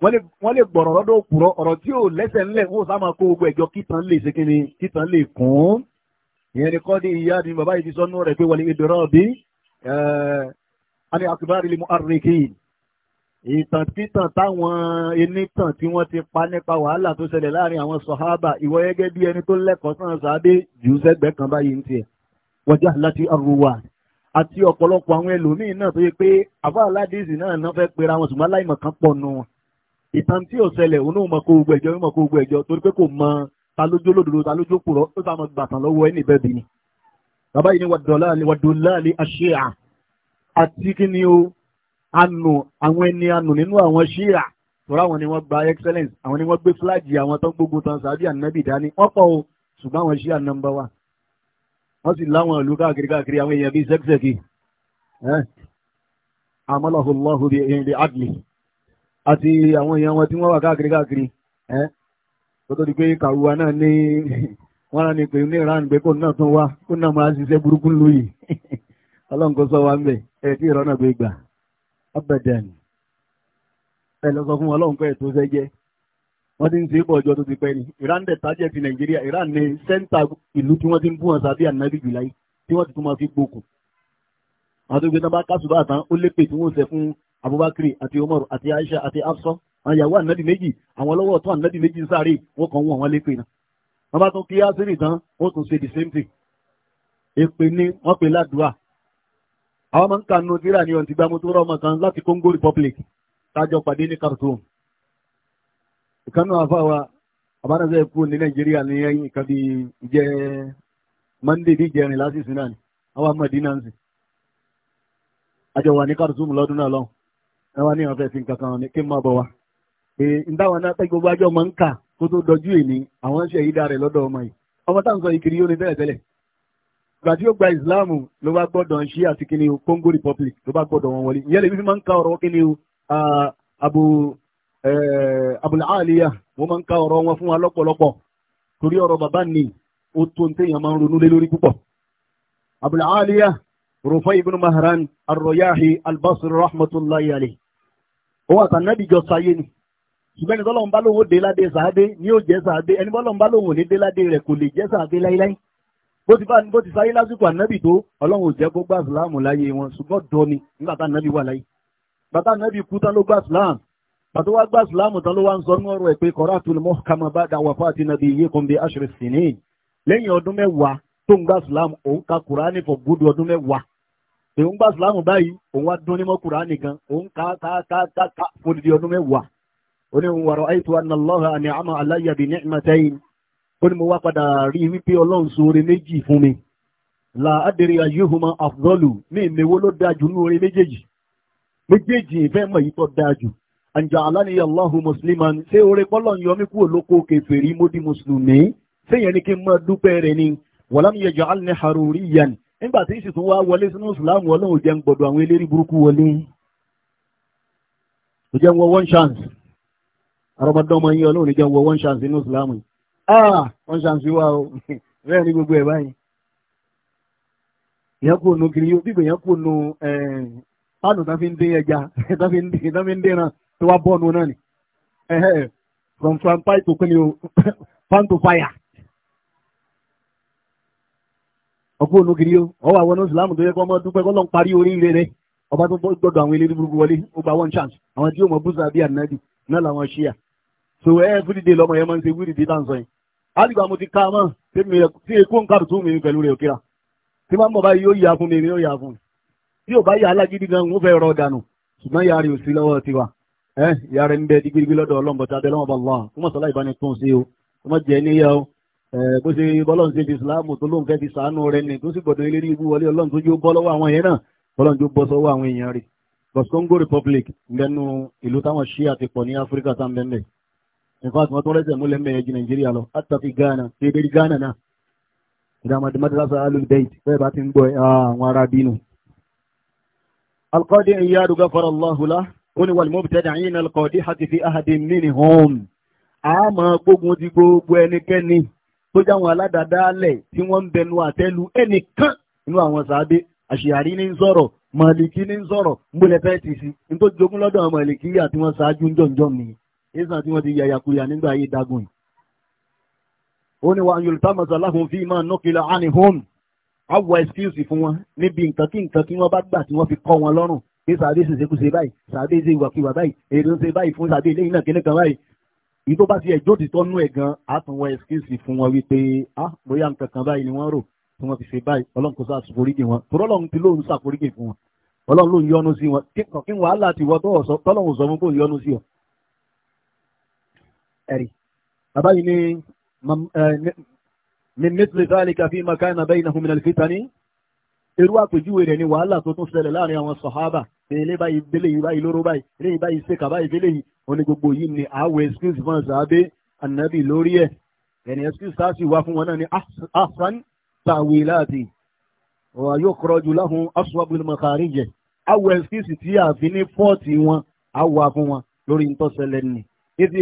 wọ́n lè gbọ̀rọ̀ lọ́dọ̀ òpùrọ̀ ọ̀rọ̀ tí ò lẹ́sẹ̀ ńlẹ̀ wọ́n sá máa kó gbogbo ẹ̀jọ́ kítan lè ṣe kí ni kítan lè kún ìyẹn ni kọ́ ní ìyá ni bàbá yìí ti sọ́nú rẹ̀ pé wọlé ìdọ̀rọ̀ bí ẹni eh, akubari lè mú àrùn kìí ìtàn títàn táwọn enítàn tí wọ́n ti pa nípa wàhálà tó ṣẹlẹ̀ láàrin àwọn sọ̀hábà ìwọ gẹ́gẹ́ bí ẹni tó lẹ́kọ̀ọ́ sàn sáadé jù sẹ́gbẹ̀ẹ́ kan báyìí ń tiẹ̀ wọ́jà láti arúwà àti ọ̀pọ̀lọpọ̀ àwọn ẹlòmíín náà tó yẹ pé àbá aládìsí náà náà fẹ́ pera wọn ṣùgbọ́n aláìmọ̀ kan pọ̀ nù wọn ìtàn tí ò ṣẹlẹ̀ òun náà mọ̀ kó gbogbo ni. bàbá yìí ni wàdùnláàlì wàdùnláàlì àṣẹ à anù àwọn ẹni anù nínú àwọn ṣíà tọ́ra àwọn ni wọ́n gba excellence àwọn ni wọ́n gbé fúláàgì àwọn tó ń gbógun tan sàbí ànábì dání wọ́n pọ̀ o ṣùgbọ́n àwọn ṣíà nọmba wa wọ́n sì láwọn ìlú káàkiri káàkiri àwọn èèyàn bíi sẹ́kìsẹ́kì amalahullahu bi ehinde adli àti àwọn èèyàn wọn tí wọ́n wà káàkiri káàkiri tó tó di pé kàrúwa náà ní wọ́n rán ni pé ní ìran pé kò náà tún wá kò náà máa ṣiṣẹ́ burúkú lóyè ọlọ́nkọ́sọ wa ń bẹ̀ ẹ̀ tí ìrọ́nà gbé gbà abẹ́dẹ̀n ẹ lọ sọ fún ọlọ́run pẹ́ tó fẹ́ jẹ́ wọ́n ti ń ṣe é bọ̀ ọjọ́ tó ti pẹ́ ni Iran dẹ̀ tájẹ̀ ti Nàìjíríà Iran ní sẹ́ńtà ìlú tí wọ́n ti ń bú wọn sábẹ́ ànábì jùláì tí wọ́n ti tún máa fi gbókù àwọn tó gbé tán bá tán ó lépè tí wọ́n ṣe fún Abubakar àti Umar àti Aisha àti Hafsa àwọn ìyàwó ànábì méjì àwọn ọlọ́wọ́ ọ̀tọ́ ànábì méjì ń sáré wọ́n kàn wọ́n wọn lépè náà wọ́n bá tún kí ni wọ́n pè àwọn máa ń ka nàìjíríà ní ọ̀n ti gbá mọ́tò rọ́ọ̀mọ̀ kan láti Congo Republic tájọ pàdé ní Khartoum ìkànnì àfáwà àbánazẹ́ kú ní nàìjíríà ní ẹ̀yìn kan bí jẹ́ Monday bí jẹrin lásìsì náà ni àwọn amadina ń sìn àjọ wà ní Khartoum lọ́dún náà lọ́hùn ẹ̀ wá ní àwọn fẹ́ẹ́ fi nǹkan kan ní kí n máa bọ̀ wá pé ìdáwọn náà pẹ́ gbogbo àjọ máa ń kà kó tó dọjú èmi àwọn ń ṣe ìgbà tí ó gba ìsìláàmù ló bá gbọ́dọ̀ ṣí àti kíni o Congo Republic ló bá gbọ́dọ̀ wọn wọlé ìyẹn lè fi máa ń ka ọ̀rọ̀ kíni o abu abul aliya wọ́n máa ń ka ọ̀rọ̀ wọn fún wa lọ́pọ̀lọpọ̀ torí ọ̀rọ̀ bàbá ni ó tó ń téèyàn máa ń ronú lé lórí púpọ̀ abul rufai ibn mahran arroyahi albasri rahmatulahi alayhi ó wà tàn nábìjọ sáyé ni ṣùgbọ́n ẹni tọ́lọ́run bá lóun ó dé ládé sàádé ni yóò jẹ́ sàádé ẹni bọ́lọ́run bá lóun ò ní dé ládé rẹ̀ kò lè jẹ́ sàádé láíláí bó ti bá bó sáyé lásìkò ànábì tó ọlọ́run ò jẹ́ kó gbà síláàmù láyé wọn ṣùgbọ́n dọ́ ni nígbà tá ànábì wà láyé bàtà ànábì kú tán ló gbà bàtà gbà tán ló ń sọ ní ẹ̀ pé qara'tul muhkama ba'da wafati nabiyyikum bi ashri sinin lẹ́yìn ọdún ka ọdún mẹ́wàá gbà òun kùránì ó ní mo wá padà rí wípé ọlọ́run ṣoore méjì fún mi la adèrè ayéhùnmá afdọ́lù ní ìmẹ̀wó ló dáa jù ní oore méjèèjì méjèèjì ìfẹ́ mọ̀ yìí tó dáa jù àǹjà aláníyà allahu musliman ṣé oore pọ́lọ̀ yọ mí kúrò lóko kèfèrí módì mùsùlùmí ṣé yẹn ni kí n máa dúpẹ́ rẹ̀ ni wàlámi yẹjọ alẹ́ haruriyan nígbà tí ìsìtú wa wọlé sínú ìsìlámù ọlọ́run jẹun gbọ̀dọ̀ àwọn eléri burúkú wọlé ó wọ one chance ọlọ́run jẹun wọ one chance nínú ìsìlámù Aa! Ah, ṣàǹfíwá o bẹ́ẹ̀ ni gbogbo ẹ̀ báyìí ìyẹn kò nu kiri yóò bíbẹ̀ yẹn kò nu pánù tó fi ń dín ẹja tó fi ń dín ẹran tó wá bọ́ọ̀nù náà ni from from pipe to kini o fan to fire ọkọ ònú kiri o ọwọ àwọn ọ̀nà tó yẹ ọba tó àwọn ilé wọlé ó gba one chance àwọn tí yóò mọ bíi so everyday lọ́mọ yẹn máa ń ṣe wíìrìdì dáńsọ yẹn alìgbà mo ti ká mọ́ tí èkó ń kàrùtù mi pẹ̀lú rẹ̀ òkèra tí máa ń bọ̀ báyìí yóò yà fún mi yóò yà fún mi tí ò bá yà alágídí gan ń fẹ́ rọ dànù ṣùgbọ́n yàrá ò sí lọ́wọ́ tiwa ẹ yàrá ń bẹ digbidigbi lọ́dọ̀ ọlọ́mbọ̀tà abẹ́ lọ́wọ́ bàlá fún mọ̀sálá ìbáni tún sí o ọmọ jẹ níyà o bó ṣe bọ́lọ́n ṣe fi ìsìláàmù tó lóun fẹ́ fi sàánú rẹ ni tó sì gbọ́dọ̀ ilé ibú wọlé ọlọ́run tó jó bọ́ lọ́wọ́ àwọn yẹn náà bọ́lọ́n tó bọ́ sọ́wọ́ àwọn èèyàn rẹ̀ bọ́s Congo Republic ń bẹnu ìlú táwọn ṣí àti pọ̀ ní Áfíríkà tá ń bẹ́ẹ̀ ìfàt wọn tó rẹ́sẹ̀ múlẹ̀ mẹ́yẹ ju nàìjíríà lọ àtà fi ghana fi ebèrè ghana náà ìdààmú madrasa alulbeit bẹ́ẹ̀ bá ti ń gbọ́ àwọn ará bínú. alqadi iyadu gafara allahu la ó ní wàlúmọ́ bìtẹ́ dàn yín alqadi hati fi ahadi mini hom àmọ́ gbógun ti gbogbo ẹnikẹ́ni tó jáwọn aládàádáálẹ̀ tí wọ́n ń bẹnu àtẹ́lu ẹnìkan inú àwọn sàábé àṣìyàrí ní ń sọ̀rọ̀ màlìkí ní ń sọ̀rọ̀ mbólẹ́fẹ́ ti sí ní tó jogún lọ́dọ̀ àwọn màlìkí àti wọn ṣáájú ń jọ̀ǹjọ̀ nìyí ìsàn tí wọ́n ti yàyàkuyà nígbà ayé dagun ó ní wa yorùbá masalahun fi máa nọ́kìlá anihom awọ ẹsikúùsì fún wọn níbi nǹkan kí nǹkan kí wọ́n bá gbà tí wọ́n fi kọ́ wọn lọ́rùn pé sàbí ṣèṣekúṣe báyìí sàbí ṣe ìwàkiwà báyìí èrè ń ṣe báyìí fún sàbí ilé ìnàkíní kan báyìí yìí tó bá ti ẹjọ́ ti tọ́nú ẹ̀ gan àtúnwọ̀ ẹ̀skíìsì fún wọn wípé á ah, bóyá nǹkan kan báyìí ni wọ́n rò tí wọ́n fi ṣe báyìí ọlọ́run kò sàforíjì wọn tó rọ́lọ́run ti lóun sàforíjì fún wọn ọlọ́run ló ń yọ́nú sí wọn kí wàhálà ti wọ́ ẹ̀rí bàbá yìí ní mímítìlì dáríkà fi máa káyìn àbẹ́yìn náà hùmìnà fìtà ní irú àpèjúwe rẹ̀ ní wàhálà tó tún ṣẹlẹ̀ láàrin àwọn sọ̀hábà ilé báyìí délé yìí báyìí lóró báyìí ilé yìí báyìí ṣe kàbáyìí délé yìí wọn ni gbogbo yìí ni àwọ̀ excuse fún ṣàbẹ́ ànábì lórí ẹ̀ ẹni excuse tá a sì wá fún wọn náà ni asan tàwé láti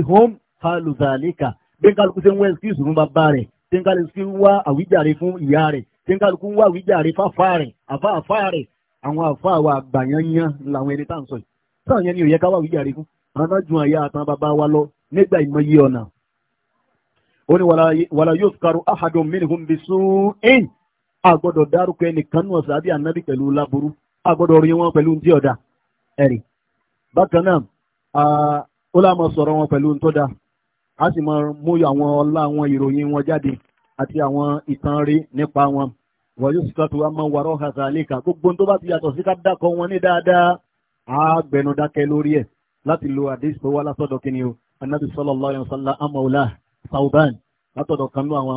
yóò kálù zàlíkà bí kálukú ṣe ń wá ẹ̀sìkìsì fún bàbá rẹ̀ tí kálukú wá àwíjàre fún ìyá rẹ̀ tí kálukú wá àwíjàre fáfá rẹ̀ àfá àfá rẹ̀ àwọn àfá wa àgbàyányán làwọn ẹni tá à ń sọ yìí táwọn yẹn ni òye ká wá àwíjàre fún àwọn náà ju àyà àtàn bàbá wa lọ nígbà ìmọye ọ̀nà ó ní wàlá yóò karù ahadun minhum bí sùn agbọ́dọ̀ dárúkọ ẹnìkan a sì máa mú àwọn ọlá àwọn ìròyìn wọn jáde àti àwọn ìtàn rí nípa wọn wọ́n yóò sì tọ́tù wa máa wàrọ̀ hàzà àlékà gbogbo tó bá ti yàtọ̀ sí ká dákọ̀ wọn ní dáadáa á gbẹnu dákẹ́ lórí ẹ̀ láti lo àdéhùn tó wá látọ̀dọ̀ kí ni o anabi sallallahu alaihi wasallam amọ̀ọ́lá sauban látọ̀dọ̀ kanú àwọn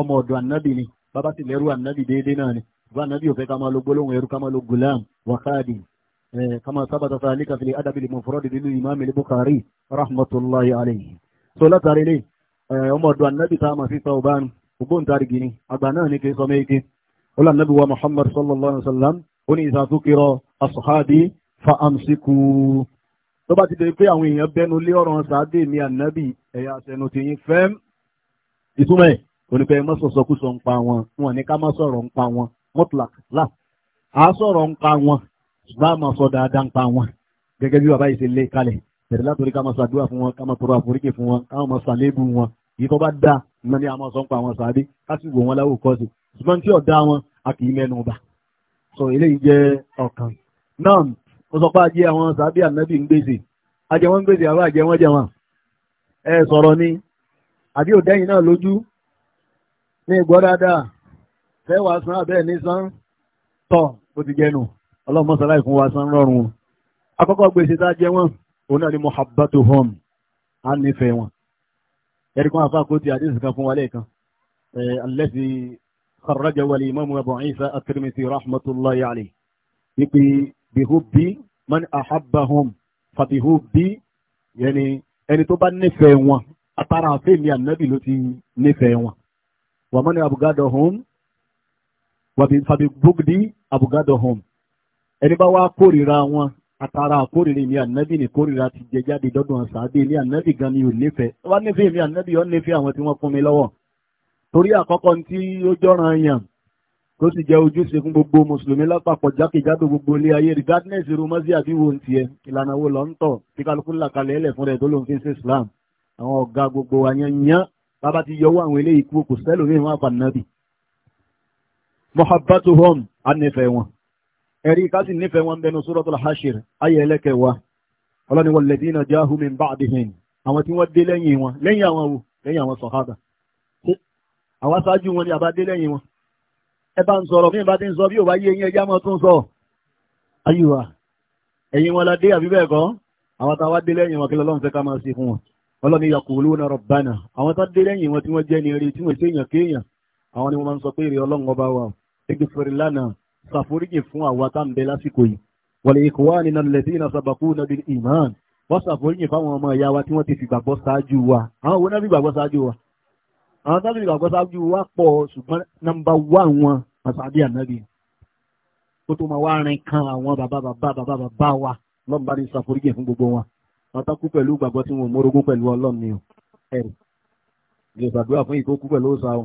ọmọ ọ̀dọ̀ anabi ni bàbá sì lẹ́rú anabi déédéé náà ni bàbá anabi ò fẹ́ ká máa lo gbólóhùn ẹrú ká máa lo gulam wakadi kama sábàtà sáà ní kàfílẹ̀ adábìlì mọ̀fọ́rọ́dì nínú ìmáàmì Bukhari rahmatullahi so látàrí lè eh, ọmọ ọ̀dọ̀ ànábì tá a mọ̀ sí Thaubani ògbóǹtarìgì ni àgbà náà ní kí sọmọ ike ó là nábì wa Muhammad sallallahu alayhi wa sallam ó ní ìsàtúkìrọ asọ̀háàdì fa amsiku tó bá ti dé pé àwọn èèyàn bẹnu lé ọ̀rọ̀ sàádé mi ànábì ẹ̀yà àṣẹnu ti yín fẹ́m ìtumọ̀ ẹ̀ onípẹ́ ẹ má sọ̀sọ̀ kú sọ ń wọn wọn ní ká má sọ̀rọ̀ ń wọn mutlak la à sọ̀rọ̀ ń pa wọn ṣùgbọ́n àmọ̀ sọ dáadáa ń wọn gẹ́gẹ́ bí bàbá yìí ṣe lé kalẹ̀ bẹ̀rẹ̀ látòrí ká máa ṣàdúrà fún wọn ká máa tọrọ àforíkè fún wọn káwọn máa ṣàlébù wọn èyí tó bá dá iná ní àwọn sọ́npa àwọn sàádé kásìkò wọn láwò kọ́sì ṣùgbọ́n tí ọ̀dá wọn a kì í mẹ́nu bà sọ eléyìí jẹ́ ọ̀kan náà ó sọ pé ajé àwọn sàádé ànábì ń gbèsè ajé wọn ń gbèsè àwọn ajé wọn jẹ wọn ẹ sọ̀rọ̀ ni àbí òdẹ́yìn náà lójú ní ìgbọ́ dáadáa fẹ́ wàá san abẹ́ ní òun náà ni muhabbatuhum á nífẹ̀ẹ́ wọn ẹ̀rí kan àfáà kó ti àdéhùn kan fún wa lẹ́ẹ̀kan alẹ́sì kharraja wal imamu abu isa at-tirmidhi rahmatullahi alayhi wípé bihubbi man ahabbahum fabihubbi yẹni ẹni tó bá nífẹ̀ẹ́ wọn atara àfẹ́mi ànábì ló ti nífẹ̀ẹ́ wọn wa man abghadahum wàbí fabibugdi abghadahum ẹni bá wá kórìíra wọn àtàrà àkórìrì ilé ànábì ní kórìíra ti jẹ jáde dọ́dún àṣàbí ilé ànábì gan ni ò nífẹ̀ẹ́ wá nífẹ̀ẹ́ mi ànábì ó nífẹ̀ẹ́ àwọn tí wọ́n fún mi lọ́wọ́ torí àkọ́kọ́ tí ó jọ́ràn yàn tó sì jẹ́ ojúṣe fún gbogbo mùsùlùmí lápapọ̀ jákèjádò gbogbo ilé ayé regardless rumasi àbí wo ń tiẹ̀ ìlànà wo lọ ń tọ̀ tí kálukú là kalẹ̀ ẹlẹ̀ fún rẹ̀ tó ló ń fi ṣe Islam àwọn ọ̀gá gbogbo àyànyàn bàbá ti yọwọ́ àwọn eléyìí kú kò sẹ́lòmíì ẹ̀rí kásì nífẹ̀ẹ́ wọn bẹnu suratul hashir ayé ẹlẹ́kẹ̀wá ọlọ́ni walladhina jahu min ba'dihim àwọn tí wọ́n dé lẹ́yìn wọn lẹ́yìn àwọn wo lẹ́yìn àwọn sọ̀hábà àwọn aṣáájú wọn ni àbá dé lẹ́yìn wọn ẹ bá ń sọ̀rọ̀ bí ìbá ti ń sọ bí ò bá yé eyín ẹjá mọ́ tún sọ ayùwà ẹ̀yìn wọn la dé àbí ṣàforíjì fún àwa tá ń bẹ lásìkò yìí wọlé ikọ̀ wá nínú lẹ́sìn iná sàbàkú nàbí iman wọ́n ṣàforíjì fáwọn ọmọ ìyá wa tí wọ́n ti fi gbàgbọ́ ṣáájú wa àwọn owó náà fi gbàgbọ́ ṣáájú wa àwọn tábìlì gbàgbọ́ ṣáájú wa pọ̀ ṣùgbọ́n nọ́mbà wá wọn àṣàbí ànábì ó tó máa wá rin kan àwọn bàbá bàbá bàbá bàbá wa lọ́nba ní ṣàforíjì fún gbogbo wọn wọn pẹ̀lú gbàgbọ́ tí wọn ò pẹ̀lú ọlọ́run o ẹ̀rù ìgbésàdúrà fún ìkókú pẹ̀lú òṣà o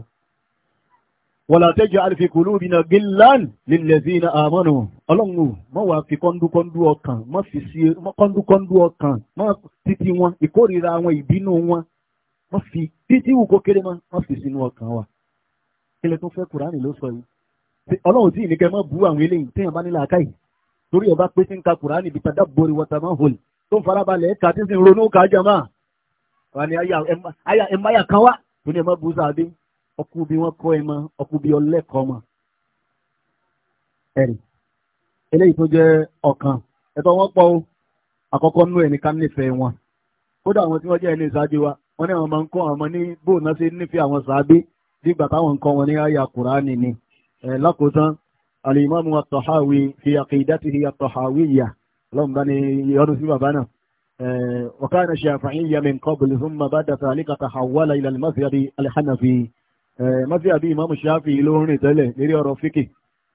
wọ̀lá tẹ́jọ alìfikùlù ìbìnà gílán lílẹ̀zínà àmọ́nù ọlọ́run mọ́ wà fi kọ́ndúkọ́ndú ọkàn mọ́ fi sí kọ́ndúkọ́ndú ọkàn mọ́ títí wọn ìkórìíra àwọn ìbínú wọn mọ́ fi títí wù kó kéré mọ́ fi sínú ọkàn wa. ilẹ̀ tó fẹ́ kùránì ló sọ yìí ọlọ́run tí ìníkẹ́ mọ́ bú àwọn eléyìí téèyàn bá nílà àkáyì torí ẹ̀ bá pé sí ń ka kùránì bí tàdá borí waterman tó ń farabalẹ̀ ẹ̀ka tí sì ń ronú kájàmá. wà ní àyà ẹ̀ ọkú bí wọ́n kọ́ ẹ mọ́ ọkú bí ọlẹ́kọ̀ọ́ mọ́ ẹ̀rì eléyìí tó jẹ́ ọ̀kan ẹ̀tọ́ wọn pọ̀ o àkọ́kọ́ nú ẹ̀ ní ká nífẹ̀ẹ́ wọn kódà àwọn tí wọ́n jẹ́ ẹni ìsáájú wa wọ́n ní àwọn máa ń kọ́ àwọn ọmọ ní bóun náà ṣe nífẹ̀ẹ́ àwọn sàábé nígbà táwọn ń kọ́ wọn ní àyà kùránì ni ẹ̀ lákòótán alìmọ́mù àtọ̀háwì fi àkìdátìhì àtọ̀háwì yà lọ́nbá ni yọ́nu sí bàbá náà وكان شافعيا من قبل ثم بعد ذلك تحول إلى المذهب الحنفي mọ́sí àbí ìmáàmù ṣáfì ló ń rìn tẹ́lẹ̀ lérí ọ̀rọ̀ fíkì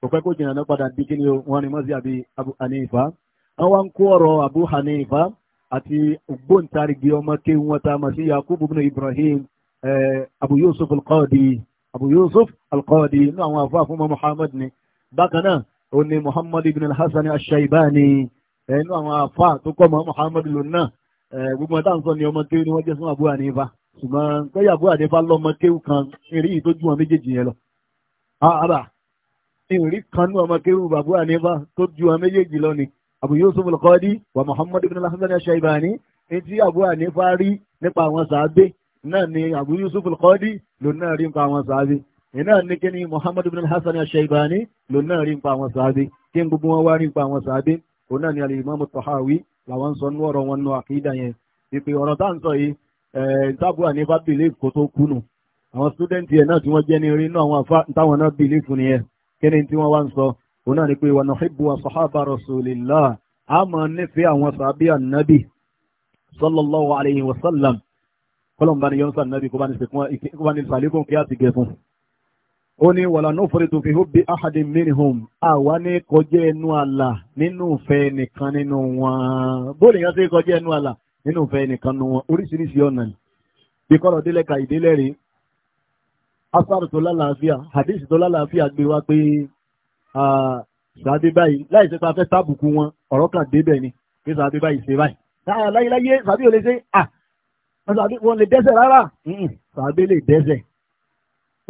kò pẹ́ kó jìnnà padà bí kí ni wọ́n ní mọ́sí àbí abu hanifa wọ́n wá ń kó ọ̀rọ̀ abu hanifa àti ògbóǹtarìgì ọmọ kí wọ́n ta mọ̀ sí yakubu ibn ibrahim abu yusuf alqadi abu yusuf alqadi inú àwọn àfọ àfọmọ muhammad ni bákan náà ó ní muhammad ibn alhassan ashaibani inú àwọn àfọ àtúkọ́ mọ́ muhammad lónà gbogbo ẹ̀ tá à ń sọ ni ọmọ kí ni jẹ́ fún abu hanifa ṣùgbọ́n gbẹ́yàwó àdé bá lọ́mọ kéwù kan ìrìn yìí tó ju wọn méjèèjì yẹn lọ. àbà ìrìn kan ní ọmọ kéwù bàbá àdé bá tó ju wọn méjèèjì lọ ni Abu Yusuf al-Qadi wa Muhammad ibn al-Hasan al-Shaybani etí Abu Hanifa rí nípa àwọn sàábé náà ni Abu Yusuf al-Qadi lòun náà rí nípa àwọn sàábé iná ní kí ni Muhammad ibn al-Hasan al-Shaybani lòun náà rí nípa àwọn sàábé kí n gbogbo wọn wá rí nípa àwọn sàábé ni al-Imam at-Tahawi làwọn sọ nú ọ̀rọ̀ wọn nú àkídà Ee, ànífà a kó tó kú nù àwọn sítúdẹ̀ǹtì ẹ̀ náà tí wọ́n jẹ́ ní orí inú àwọn afá táwọn náà bìlíf nìyẹn kí nsọ. tí wọ́n wá ń sọ òun náà ni pé wa nuhibbu a máa nífẹ̀ẹ́ àwọn sàbí ànábì sallallahu alayhi wa sallam kọ́lọ̀mbá ni yọ́nsá ànábì kó bá ní sàlékún kí á ti gẹ̀ ó ní wàlà náà hó ahadi nínú ìfẹ́ nìkan nu wọn oríṣiríṣi ọ̀nà bí kọ́rọ̀ délẹ̀ ka ìdílẹ̀ rè asaru tó lálàáfíà hadith tó lálàáfíà gbé wa pé sàbí báyìí láì ṣe pa fẹ́ tábùkù wọn ọ̀rọ̀ kan débẹ̀ ni pé sàbí báyìí ṣe báyìí láyéláyé sàbí ò lè ṣe à wọn lè dẹ́sẹ̀ rárá sàbí lè dẹ́sẹ̀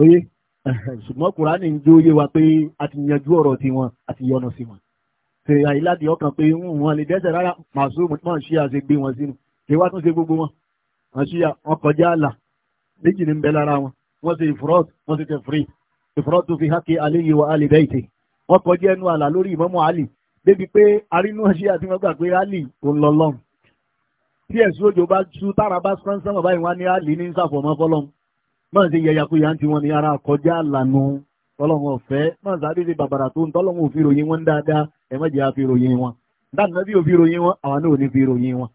oyé ṣùgbọ́n kùránì ń jó yé wa pé a ti yanjú ọ̀rọ̀ tiwọn a ti yọnu sí wọn fèrè àìládi ọkàn pé wọn lè dẹ́sẹ̀ rárá màṣúmù tí wọ́n ṣí àṣẹ gbé wọn sínú ṣe wá tún ṣe gbogbo wọn wọ́n ṣí ọkọjá àlà méjì ní ń bẹ lára wọn wọ́n ṣe ìfúrọ́t wọ́n ṣe tẹ̀fúrí ìfúrọ́t tó fi hákè àléyé wa alì bẹ́ẹ̀ tè wọ́n kọjá ẹnu àlà lórí ìmọ̀mọ́ àlì débi pé arínú ṣí àti wọn gbà pé àlì kò ń lọ tí ẹ̀sùn òjò bá tú tára bá sánsán bàbá ìwá ní àlì ní sáfọ̀mọ́ fọ́lọ́n náà ṣe yẹyàkuyà ń ti wọn ní ara kọjá àlànà tọ́lọ́wọ́n ọ̀fẹ́ máa sáré ṣe bàbàrà tó ń tọ́lọ́wọ́n òfin ròyìn wọn dáadáa ẹ má jẹ́ àfi ròyìn wọn dáadáa bí òfin ròyìn wọn àwọn náà ò ní fi ròyìn wọn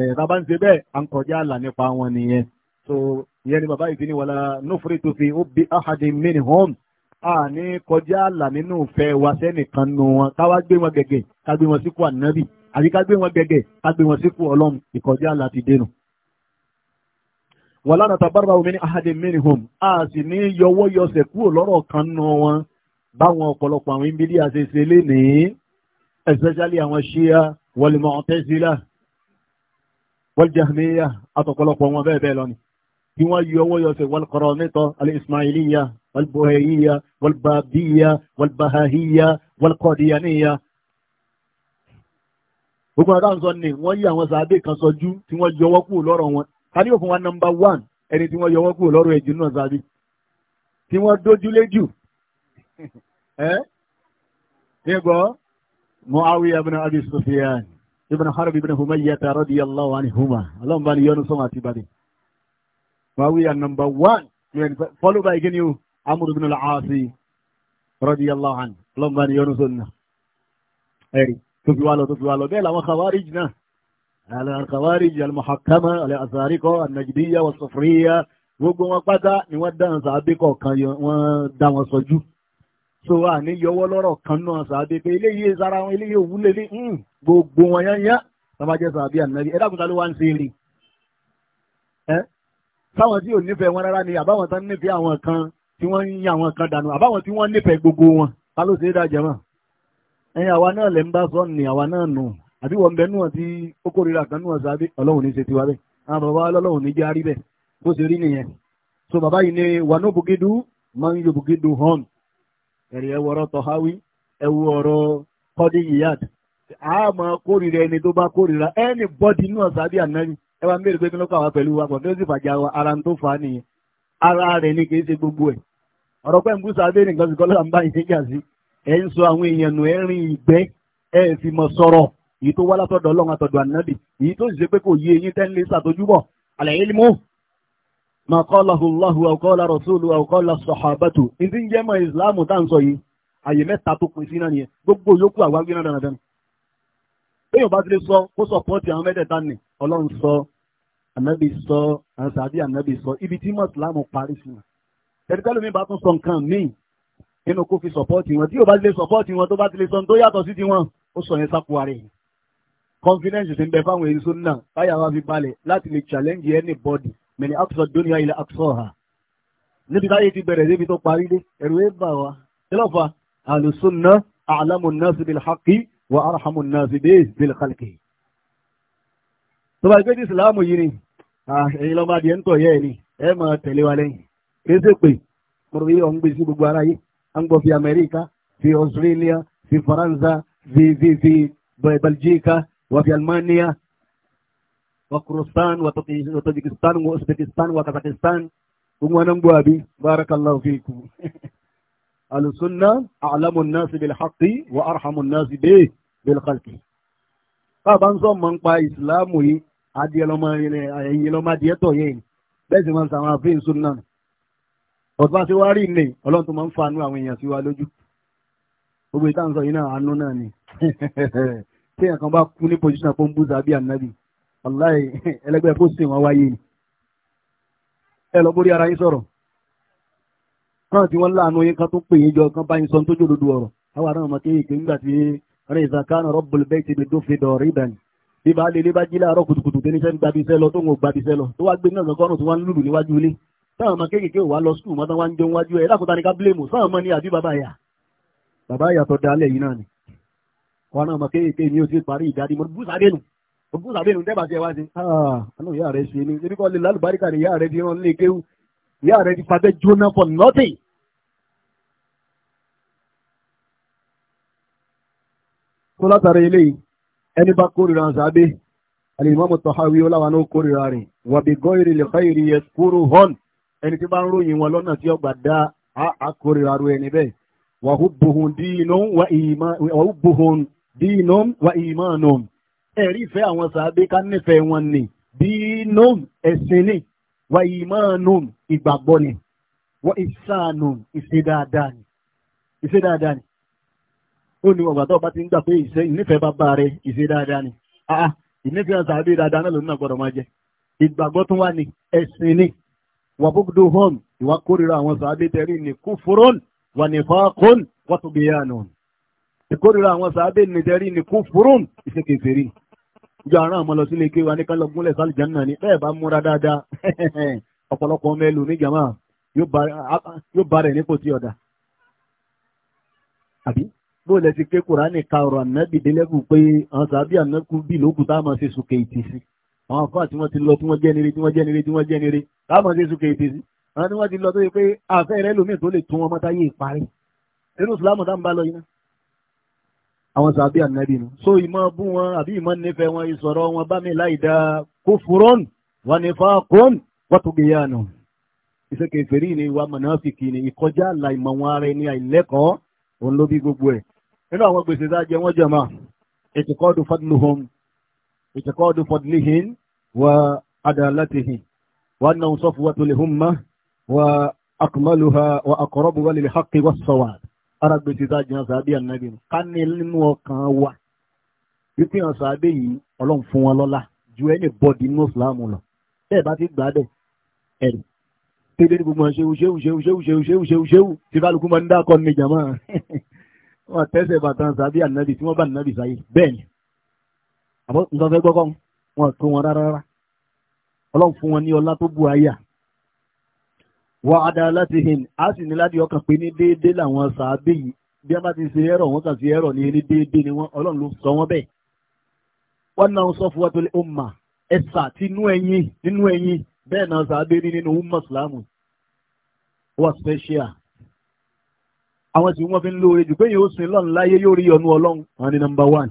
ẹ̀ tá bá ń ṣe bẹ́ẹ̀ à ń kọjá àlà nípa wọn nìyẹn so ìyẹn ni bàbá ìfini wàlá nófúri tó fi ó bi ahadi mini home a ní kọjá àlà nínú ìfẹ́ wa sẹ́nìkan nu wọn ká wá gbé wọn gẹ̀gẹ̀ ká gbé wọn síkú ànábì wọ́n lánàá tabarra omi ní ahadi minhum a sì ní yọwọ́ yọsẹ̀ kúrò lọ́rọ̀ kan nù wọn báwọn ọ̀pọ̀lọpọ̀ àwọn ibìdí àṣeṣe lé ní especially àwọn ṣíà wal mu'tazila wal jahmiya àtọ̀pọ̀lọpọ̀ wọn bẹ́ẹ̀ bẹ́ẹ̀ lọ ni kí wọ́n yọwọ́ yọsẹ̀ wal qaramita al ismailiya wal buhayya wal babiya wal bahahiyya wal ni wọ́n yí àwọn sàádé kan sọjú tí wọ́n yọwọ́ kúrò lọ́rọ̀ wọn ta ni òfin wa nọmba one ẹni tí wọ́n yọ wọ́n kúrò lọ́rọ̀ ẹ̀jú náà sábì tí wọ́n dójúlé jù ẹ́ ẹgbọ́ Muawiya ibn Abi Sufyan ibn Harb ibn Humayyah radiyallahu anhuma aláwọ̀bá ni yọ́nu sọ́mọ̀ àti ìbàdàn Muawiya nọmba one followed by gini o Amr ibn al-As radiyallahu anhu aláwọ̀bá ni yọ́nu sọ́nà ẹ̀rí tó fi wá lọ tó fi wá lọ bẹ́ẹ̀ làwọn Khawarij náà alàkàwárí almuhakama alàzàríkọ anagidiya wasofriya gbogbo wọn pátá ni wọ́n dáhùn sàábé kọ̀ọ̀kan wọ́n dá wọn sọjú so a ní yọwọ́ lọ́rọ̀ kan náà sàábé pé eléyìí sara wọn eléyìí òwúlé ní hmm, gbogbo wọn yányá tàbájẹ́ sàábé ànábi ẹ̀dá kùtà ló wá ń ṣe rí ẹ́ sáwọn tí ò nífẹ̀ẹ́ wọn rárá ni àbáwọn tán nífẹ̀ẹ́ àwọn kan tí wọ́n ń yan àwọn kan dànù àbáwọn tí wọ́n nífẹ̀ẹ́ gbogbo wọn ta ló ṣe é dájẹ́ mọ́ ẹ̀yin àwa náà lè ń bá sọ́ọ̀nì àwa náà nù àbí wọ́n bẹ́ẹ̀ níwọ̀n tí ó kórira kan níwọ̀n sábẹ́ ọlọ́run ní ṣe tiwa bẹ́ẹ̀ àwọn bàbá ọlọ́run ní jẹ́ bẹ́ẹ̀ bó ṣe rí nìyẹn so bàbá yìí ni wà ní òbúgídú máa ń yọ òbúgídú hàn ẹ̀rì ẹwọ ọ̀rọ̀ tọ́háwí ẹwọ ọ̀rọ̀ kọ́dí yíyàd a máa kórira ẹni tó bá kórira ẹni bọ́dí níwọ̀n sábẹ́ ànáyì ẹ wá mẹ́rin pé kí wá pẹ̀lú wa pọ̀ kí ló sì fàjà wa ara tó fà á nìyẹn ara rẹ̀ ni kì í ṣe gbogbo ẹ̀ ọ̀rọ̀ pẹ́ ń bú sábẹ́ nìkan ẹ̀ fi mọ̀ sọ̀rọ̀ èyí tó wá látọ̀dọ̀ ọlọ́run àtọ̀dọ̀ ànábì èyí tó ṣe pé kò yé eyín tẹ́lẹ̀ ṣàtójúbọ̀ àlẹ́ ilmu ma qala Allahu aw qala rasulu aw qala sahabatu ìdí ń jẹ́ mọ́ ìsìláàmù tá à ń sọ yìí àyè mẹ́ta tó pin sí náà nìyẹn gbogbo yòókù àwáwí náà dandan bẹ́ẹ̀ bá ti lè sọ kó sọ pọ́ọ̀tì àwọn mẹ́tẹ̀ẹ̀ta nì ọlọ́run sọ ànábì fi sọ̀pọ́ọ̀tì wọn tí yóò bá ti lè sọ̀pọ́ọ̀tì wọn tó bá ti lè confidence ti ń bẹ fáwọn èso náà báyà wá fi balẹ̀ láti lè challenge anybody mẹni aksọ dóníyà ilẹ̀ aksọ ha níbi táyé ti bẹ̀rẹ̀ débi tó parí dé ẹ̀rù ẹ̀ bà wá kílọ̀fà àlùsùnà àlámù nàásì bil haqqi wà àràhàmù nàásì bẹ́ẹ̀ bil khalqi. tó bá gbé ní ìsìláàmù yìí ni ẹ̀yin lọ́mọ adìẹ ń tọ̀ yẹ́ ẹ̀ ni ẹ máa tẹ̀lé wa lẹ́yìn kìí pé mo rí ọ̀n gbé gbogbo ara yìí à ń gbọ́ fi Amẹ́ríkà fi Australia fi Faransa fi fi fi Bẹ́ljíkà وفي ألمانيا وقرستان وتاجكستان وأوزبكستان وكازاخستان ومنام بوابي بارك الله فيكم أهل السنة أعلم الناس بالحق وأرحم الناس به بالخلق bàbá ń sọ mọ́ ń pa ìsìláàmù yìí adìyẹlọmọ ẹ̀yìnlọmọ adìyẹtọ̀ yẹn bẹ́ẹ̀ sì máa ń sàwọn àfihàn sunna ọ̀tún àti wárí ọlọ́run tó máa ń fanú àwọn èèyàn sí wa lójú gbogbo ìtàn sọ yìí náà àánú náà ni tí ẹ̀kan bá kú ní pòsíṣàn fún búza bí ànábì aláì ẹlẹgbẹ́ fún sí wọn wáyé ni ẹ lọ bórí ara yín sọ̀rọ̀ kan tí wọ́n láàánú yín kan tó pè yín jọ kan bá yín sọ tó jòdodo ọ̀rọ̀ àwọn àrùn ọmọ kéèké nígbà tí rẹ ìsàkánà rọ́bùl bẹ́ẹ̀ ti dòdò fi dọ̀rí ìdàní bí bá lè lé bá jí láàárọ̀ kùtùkùtù tó níṣẹ́ gbabi iṣẹ́ lọ tó ń gbabi iṣẹ́ lọ tó wá gbé náà sọ́kọ́rùn tó wá lùlù níwájú ilé táwọn ọmọ kéèké wà lọ skul mọ́tán wá ń jẹun wájú ẹ̀ lákòóta ní ká bílẹ̀mù sáwọn ọmọ ní àbí bàbá yà bàbá yà tó dalẹ̀ yìí náà ni wọn náà mọ̀ kéèké ní o ti parí ìjáde mo bú sábẹ́nu mo bú sábẹ́nu dẹ́gbà tí ẹ wá sí. àánú ah, ah, ìyá rẹ ṣe ni ebi kọ́ lè lálùbáríkà ni ìyá rẹ fi rán lé kéwù ìyá rẹ ti fàtẹ́ jóná for nothing. tó látara eléyìí ẹni bá kórìíra sábẹ́ alimami tọ́háwí ọláwa náà kórìíra rẹ̀ wàbí gọ́ìrì lè fẹ́ yẹ kúrò hàn ẹni tí bá ń ròyìn wọn lọ́nà tí ọgbà dá a kórìíra rẹ̀ níbẹ̀ wàhùbùhùn dín iná wà ìmọ̀ wàhùbùhùn dínum wa ìmánum ẹ̀rí ìfẹ́ àwọn sàábé ká nífẹ̀ẹ́ wọn ni dínum ẹ̀sìn ni wa ìmánum ìgbàgbọ́ ni wa ìsánum ìṣe dáadáa ni ìṣe dáadáa ni ó ní ọgbà tó bá ti ń gbà pé ìṣe ìnífẹ̀ẹ́ bàbá rẹ̀ ìṣe dáadáa ni àà ah, ah, ìnífẹ̀ẹ́ sàábé dáadáa náà lòun náà gbọ́dọ̀ máa jẹ ìgbàgbọ́ tún wá ni ẹ̀sìn ni wà búgbò hàn ìwà kórìíra àwọn sàábé tẹ̀rí ni kúfúrún wà ní fákún wà ìkórìíra àwọn sàábé nìjẹ́rí ni kú fúrún ìṣekèfèrè ìjọ àrùn àmọ́ lọ sílé ike wa ní kálọ̀ gúnlẹ̀ sálì jẹ́nà ni bẹ́ẹ̀ bá múra dáadáa ọ̀pọ̀lọpọ̀ ọmọ ẹlò níjàmá yóò bá rẹ̀ nípò tí ọ̀dà. àbí bó lẹ ti ké kùránì ka ọ̀rọ̀ ànábì délẹ́kùn pé àwọn sàábé ànákù bí lókù tá a máa ṣe sùkè ìtì sí àwọn afọ àti wọn ti lọ tí wọn jẹnire tí wọn jẹnire tí wọn jẹnire tá a máa ṣe sùkè ìtì sí àwọn tí wọn ti lọ tó yẹ pé àfẹ́ rẹ lómi tó lè tún ọmọ táyé ìparí. irú ìsìlámù tá ń bá lọ yìí náà àwọn sàbí ànábì nù. so ìmọ̀ bú wọn àbí ìmọ̀ nífẹ̀ẹ́ wọn ìsọ̀rọ̀ wọn bá mi láì dáa kufrun wa nifaqun wa tughyanun. ìṣèkè ìfèrí ni ìwà mọ̀nàfìkì ni ìkọjá àlà ìmọ̀ wọn ara ẹni àìlẹ́kọ̀ọ́ òun ló bí gbogbo ẹ̀. nínú àwọn gbèsè tá a jẹ wọ́n jàmá i'tiqadu fadluhum i'tiqadu fadlihin wa adalatihin wa annahum safwatu lil ummah wa akmaluha wa aqrabuha lil haqqi was ara gbèsè tá a jẹun sàádé ànábì nù ká ní nínú ọkàn wa wípé hàn sàádé yìí ọlọ́run fún wọn lọ́lá ju ẹni bọ́ọ̀dì nínú ìsìláàmù lọ bẹ́ẹ̀ bá ti gbà dẹ̀ ẹ̀rù tẹ́lẹ̀ ní gbogbo ṣéwu ṣéwu ṣéwu ṣéwu ṣéwu ṣéwu ṣéwu ṣéwu tí kálukú máa ń dá akọni jàmá wọn tẹ́sẹ̀ bàtà sàádé ànábì tí wọ́n bá ànábì sáyé bẹ́ẹ̀ ni àbọ̀ nǹkan fẹ́ gbọ́kọ́ wọn kún wọn rárá ọlọ́run fún wọn ní ọlá tó bu àyà wà á dáa láti hìn á sì ní ládìí ọkàn pé ní déédéé làwọn sàábì yìí bí wọ́n bá ti ṣe ẹ̀rọ wọn kàn sí ẹ̀rọ ní ní déédéé ni wọ́n ọlọ́run ló sọ wọ́n bẹ́ẹ̀. wọ́n náà sọ fún wa tó lé ọmọ ẹ̀sà tí inú ẹ̀yìn nínú ẹ̀yìn bẹ́ẹ̀ náà sàábì rí nínú umma wà special. àwọn tí wọ́n fi ń lóore jù pé yóò sin lọ́run láyé yóò rí ọnu ọlọ́run wọn ni number one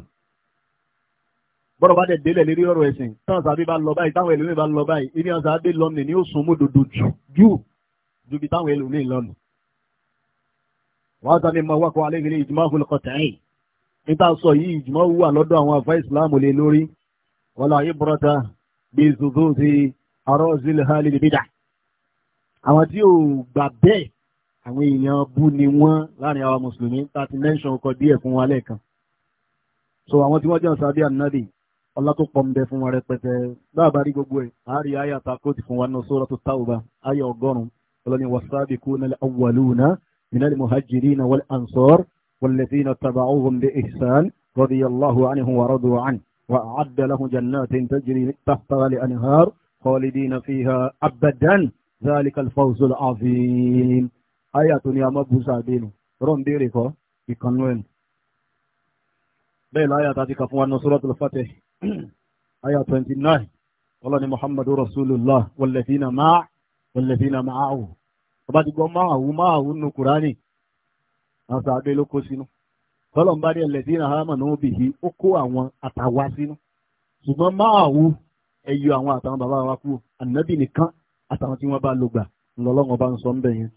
bọ́rọ̀ bá dẹ̀ délẹ̀ lérí ọ̀rọ̀ ẹ̀sìn táwọn sàbí bá lọ báyìí táwọn ẹlòmíì bá lọ báyìí ilé ọ̀sà abé lọ́mìnì ni ó sun mú dodo jù jù ju ibi táwọn ẹlòmíì lọ́nu. wàá tàbí máa wákọ̀ alẹ́ ìrìn ìjùmọ̀ àfọlùkọ̀tẹ̀yìn níta sọ yìí ìjùmọ̀ wà lọ́dọ̀ àwọn àfa ìsìláàmù lé lórí wàlá ìbúrọ̀tà bíi zòzó ti arọ́sílẹ̀ hali bídà. àwọn tí ò gbà bẹ́ẹ̀ àwọn èèyàn bú ni wọ́n láàrin àwọn mùsùlùmí láti mẹ́ńsàn ọkọ̀ díẹ̀ fún wa lẹ́ẹ̀kan. so àwọn tí wọ́n jẹ́ ọ̀sán abíyá nàdì ọlá tó pọ̀ ń fún wa rẹpẹtẹ báàbá rí gbogbo ẹ̀ àárí ayé àtakò ti fún wa náà sóràtú táwùbá ayé ọgọ́rùn-ún ọlọ́ni والسابقون الأولون من minal والأنصار والذين اتبعوهم بإحسان رضي الله عنه ورضوا عنه وأعد له جنات تجري تحتها الأنهار خالدين فيها أبدا ذلك الفوز العظيم آيات يا مبوسا دينو رون ديريكو يكنوين بيل آيات تاتيك فوان سورة الفتح آية 29 والله محمد رسول الله والذين معه walladhina ma'ahu ọba ti gbọ́ ma'ahu ma'ahu nù kùránì àwọn sàádé ló kó sínú tọ́lọ̀ ń bá rí alladhina amanu bihi ó kó àwọn àtàwá sínú ṣùgbọ́n ma'ahu ẹ̀yọ àwọn àtàwọn bàbá wa kú ànábì nìkan àtàwọn tí wọ́n bá lò gbà ńlọ́lọ́wọ́n bá ń sọ ń bẹ̀ yẹn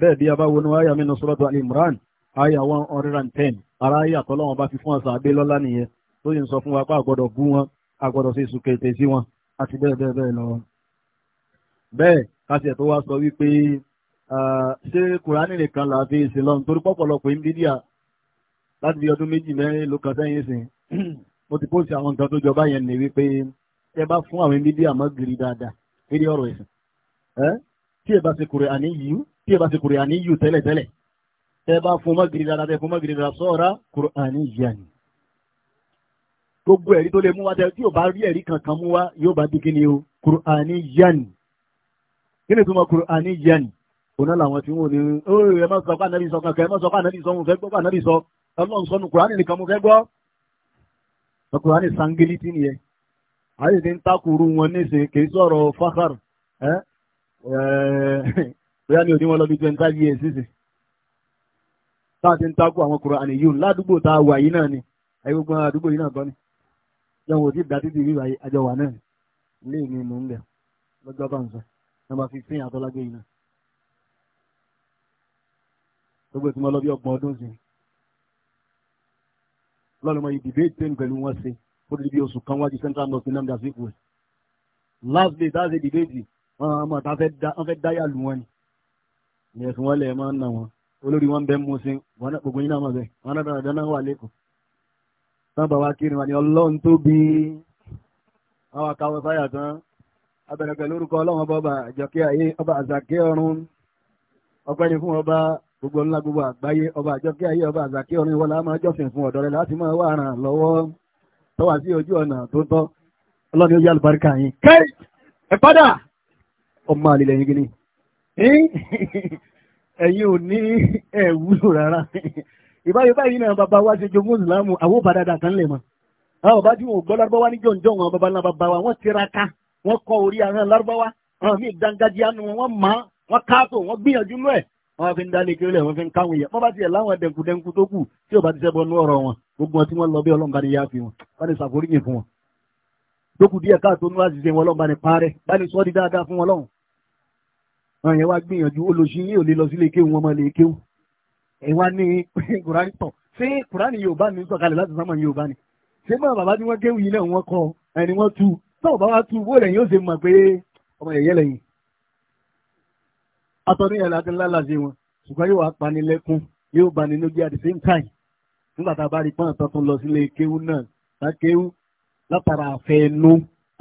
bẹ́ẹ̀ bí abáwo ni wáyà mínú suratu al-imran aya one hundred and ten ara ayé àtọ́lọ́wọ́n bá fi fún ọ̀sán abé lọ́lá nìyẹn tó yìí ń sọ fún wa pé àgbọ̀dọ̀ bú wọn àgbọ̀dọ̀ sí ìsúkẹ̀tẹ̀ sí wọn àti bẹ́ẹ̀ bẹ́ẹ̀ bẹ́ẹ̀ lọ bẹ́ẹ̀ káṣí ẹ̀ tó wá sọ wípé ṣé kùránì nìkan là fi ìsìn lọ́nà torí pọ̀pọ̀lọpọ̀ ìmídíà láti fi ọdún méjì mẹ́rin ló kan sẹ́yìn sìn mo ti pósì àwọn nǹkan tó jọba yẹn ní wípé ẹ bá fún àwọn ìmídíà mọ́ gírí dáadáa eré ọ̀rọ̀ ẹ̀sìn tí ẹ bá ṣe kùránì yìí tí ẹ bá ṣe kùránì yìí tẹ́lẹ̀tẹ́lẹ̀ bá fún mọ́ gírí dáadáa tẹ fún mọ́ gírí dáadáa sọ́ọ̀rá kùránì wa tẹ tí ò bá kí ni túmọ̀ Kùránì yẹn ni òun làwọn tí wọn ò ní ooo ẹ má sọ pé ànábì sọ kankan ẹ má sọ pé ànábì sọ mo fẹ́ gbọ́ pé ànábì sọ ọlọ́run sọnù Kùránì nìkan mo fẹ́ gbọ́. Kùránì sangiliti nìyẹn àyè ti ń takùrú wọn níṣe kì í sọ̀rọ̀ fákàr ẹ bóyá ni òní wọn lọ bí twenty five years sísè táà ti ń takù àwọn Kùránì yìí ládùúgbò tá a wà yìí náà ni ẹ gbogbo àdúgbò yìí náà kọ́ ni jẹun ò tí ì dá títì rí àjọwà náà ní ìlú ìmú ń bẹ̀ lọ́jọ́ bá ń sọ nọ́mbà fifteen àtọ́lágbé yìí náà gbogbo ìtumọ̀ lọ bí ọgbọ̀n ọdún sí lọ́nà yìí debate ten pẹ̀lú wọn ṣe ó ti di bí oṣù kan wájú central north nam das equal last day that's a debate wọn àwọn ọmọ àtàwọn fẹ́ dáyà lù wọn ni ẹ̀sùn wọn lẹ̀ máa ń nà wọn olórí wọn bẹ́ẹ̀ mú sí gbogbo yín náà mọ̀ bẹ́ẹ̀ wọn náà dáná wà lẹ́kọ̀ọ́ sábà wa kiri wọn ni ọlọ́run tó bí àwọn akáwọ sáyà tán abẹ̀rẹ̀ pẹ̀lú orúkọ ọlọ́run ọba àjọkẹ́ ayé ọba àzàkẹ́ ọ̀run ọpẹ́ ni fún ọba gbogbo ńlá gbogbo àgbáyé ọba àjọkẹ́ ayé ọba àzàkẹ́ ọ̀run ìwọlá máa jọ́sìn fún ọ̀dọ́ rẹ̀ láti máa wà ràn lọ́wọ́ tọ́wà sí ojú ọ̀nà tó tọ́ ọlọ́run yóò yá àlùbáríkà yín kẹ́ ẹ padà ọmọ àlìlẹ̀ yín gíní ẹ̀yin ò ní ẹ̀ wúlò rárá ìbáyé báyìí náà bàbá wa ṣe jogún ìsìlámù àwọn wọ́n kọ orí àwọn lárúbáwá àwọn míì dangadia nu wọn mọ wọn káàtó wọn gbìyànjú nú ẹ wọn fi ń dalè kéré wọn fi ń káwọn yẹ wọn bá tiẹ̀ láwọn dẹ̀nkudẹ̀nku tó kù tí ò bá ti sẹ́bọ̀ nú ọ̀rọ̀ wọn gbogbo wọn tí wọ́n lọ bí ọlọ́mọba ni yáa fi wọn wọn ni ṣàforíyìn fún wọn lókù díẹ̀ káàtó nú àṣìṣe wọn ọlọ́mọba ni parẹ́ bá ní sọ́ọ́ di dáadáa fún wọn lọ́hùn. àwọn wá gbìyànjú ni sọ̀kalẹ̀ láti tọ́wọ́ bá wá tú bó lẹ́yìn ó ṣe mọ̀ pé ọmọ yẹ̀yẹ́ lẹ́yìn atọ́ni ẹ̀ láti ńlá làṣẹ wọn ṣùgbọ́n yóò wá pani lẹ́kún yóò bá ní lójú at the same time nígbà tá a bá rí pọ́n tó tún lọ sílé kéwú náà lákéwú látara àfẹ́ ẹnu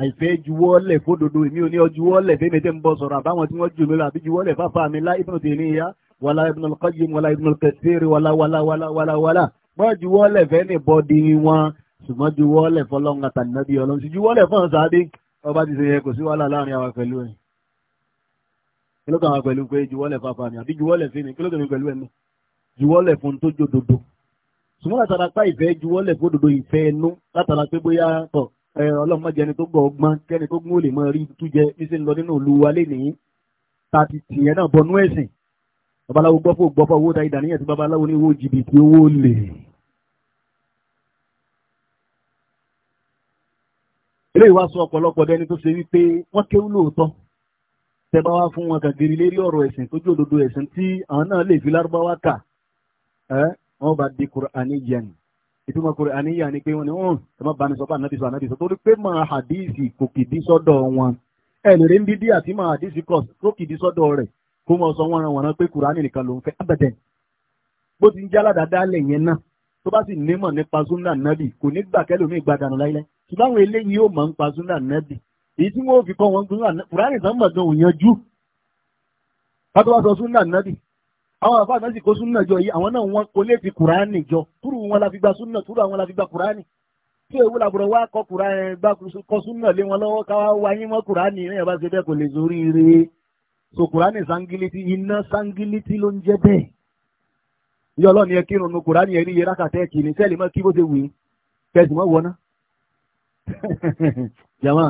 àìfẹ́ juwọ́lẹ̀ fódodo èmi ò ní ọ juwọ́lẹ̀ fẹ́mi tẹ́ ń bọ̀ sọ̀rọ̀ àbáwọn tí wọ́n jù mí lọ àbí juwọ́lẹ̀ fáfá mi lá Ibn Taymiyyah wàlá Ibn al-Qayyim wàlá Ibn al-Kathir wàlá wàlá wàlá wàlá wàlá mọ́ juwọ́lẹ̀ fẹ́ ní bọ́dí wọn ṣùgbọ́n ju wọ́lẹ̀ fọlọ́run àtànàbí ọlọ́run sí ju wọ́lẹ̀ fọ́n sáadé ọba ti ṣe yẹ kò sí wàhálà láàrin àwa pẹ̀lú ẹ̀ kí ló kàn wá pẹ̀lú pé ju wọ́lẹ̀ fáfá mi àbí ju wọ́lẹ̀ fi mi kí ló kàn mí pẹ̀lú ẹ̀ náà ju wọ́lẹ̀ fún tó jó dodo ṣùgbọ́n látara pa ìfẹ́ ju wọ́lẹ̀ fún òdodo ìfẹ́ ẹnu látara pé bóyá tọ̀ ọlọ́run má jẹni tó gbọ́ ọgbọ́n kẹ́ni tó gún ó lè mọ rí tú jẹ bí ṣe ń ilé ìwà sọ ọ̀pọ̀lọpọ̀ dẹni tó ṣe wípé wọ́n kéwú lóòótọ́ tẹ bá wá fún wọn kàgiri lérí ọ̀rọ̀ ẹ̀sìn tó jòdodo ẹ̀sìn tí àwọn náà lè fi lárúbáwá kà ẹ́ wọ́n bá di kùránì yẹn ìtumọ̀ kùránì yẹn ni pé wọ́n ní wọ́n ẹ̀ má bani sọ bá ànábì sọ ànábì sọ torí pé máa hadísì kò kìdí sọ́dọ̀ wọn ẹnì rẹ̀ ń bí dí àti máa hadísì kọ̀ tó kìdí sọ́dọ̀ rẹ̀ kó mọ sọ wọ́n ran pé kùránì nìkan ló ń fẹ́ abẹ́tẹ̀ bó ti ń jáládàá dálẹ̀ yẹn náà tó bá sì nímọ̀ nípa súnà nábì kò ní gbà gbadànù láíláí ṣùgbọ́n àwọn eléyìí yóò mọ̀ ń pa súnà nẹ́bì èyí tí wọ́n fi kọ́ wọn súnà nẹ́bì kùránì tán mọ̀ gan òyànjú kátó wá sọ súnà nẹ́bì àwọn àfáà náà sì kó súnà jọ yìí àwọn náà wọn kò lè fi kùránì jọ túrú wọn la fi gba súnà túrú àwọn la fi gba kùránì tí èwo làbúrò wá kọ kùránì bá kọ súnà lé wọn lọ́wọ́ káwá wá yín mọ́ kùránì náà bá ṣe bẹ́ẹ̀ kò lè sórí ire so kùránì sangiliti iná sangiliti ló ń jẹ́ bẹ́ẹ̀ ìyá ọlọ́ni ẹ kírun nu kùránì ẹ ní iye rákàtẹ́ kìíní sẹ́ẹ̀lì mọ́ kí bó ṣe wù í kẹsì mọ́ wọná jama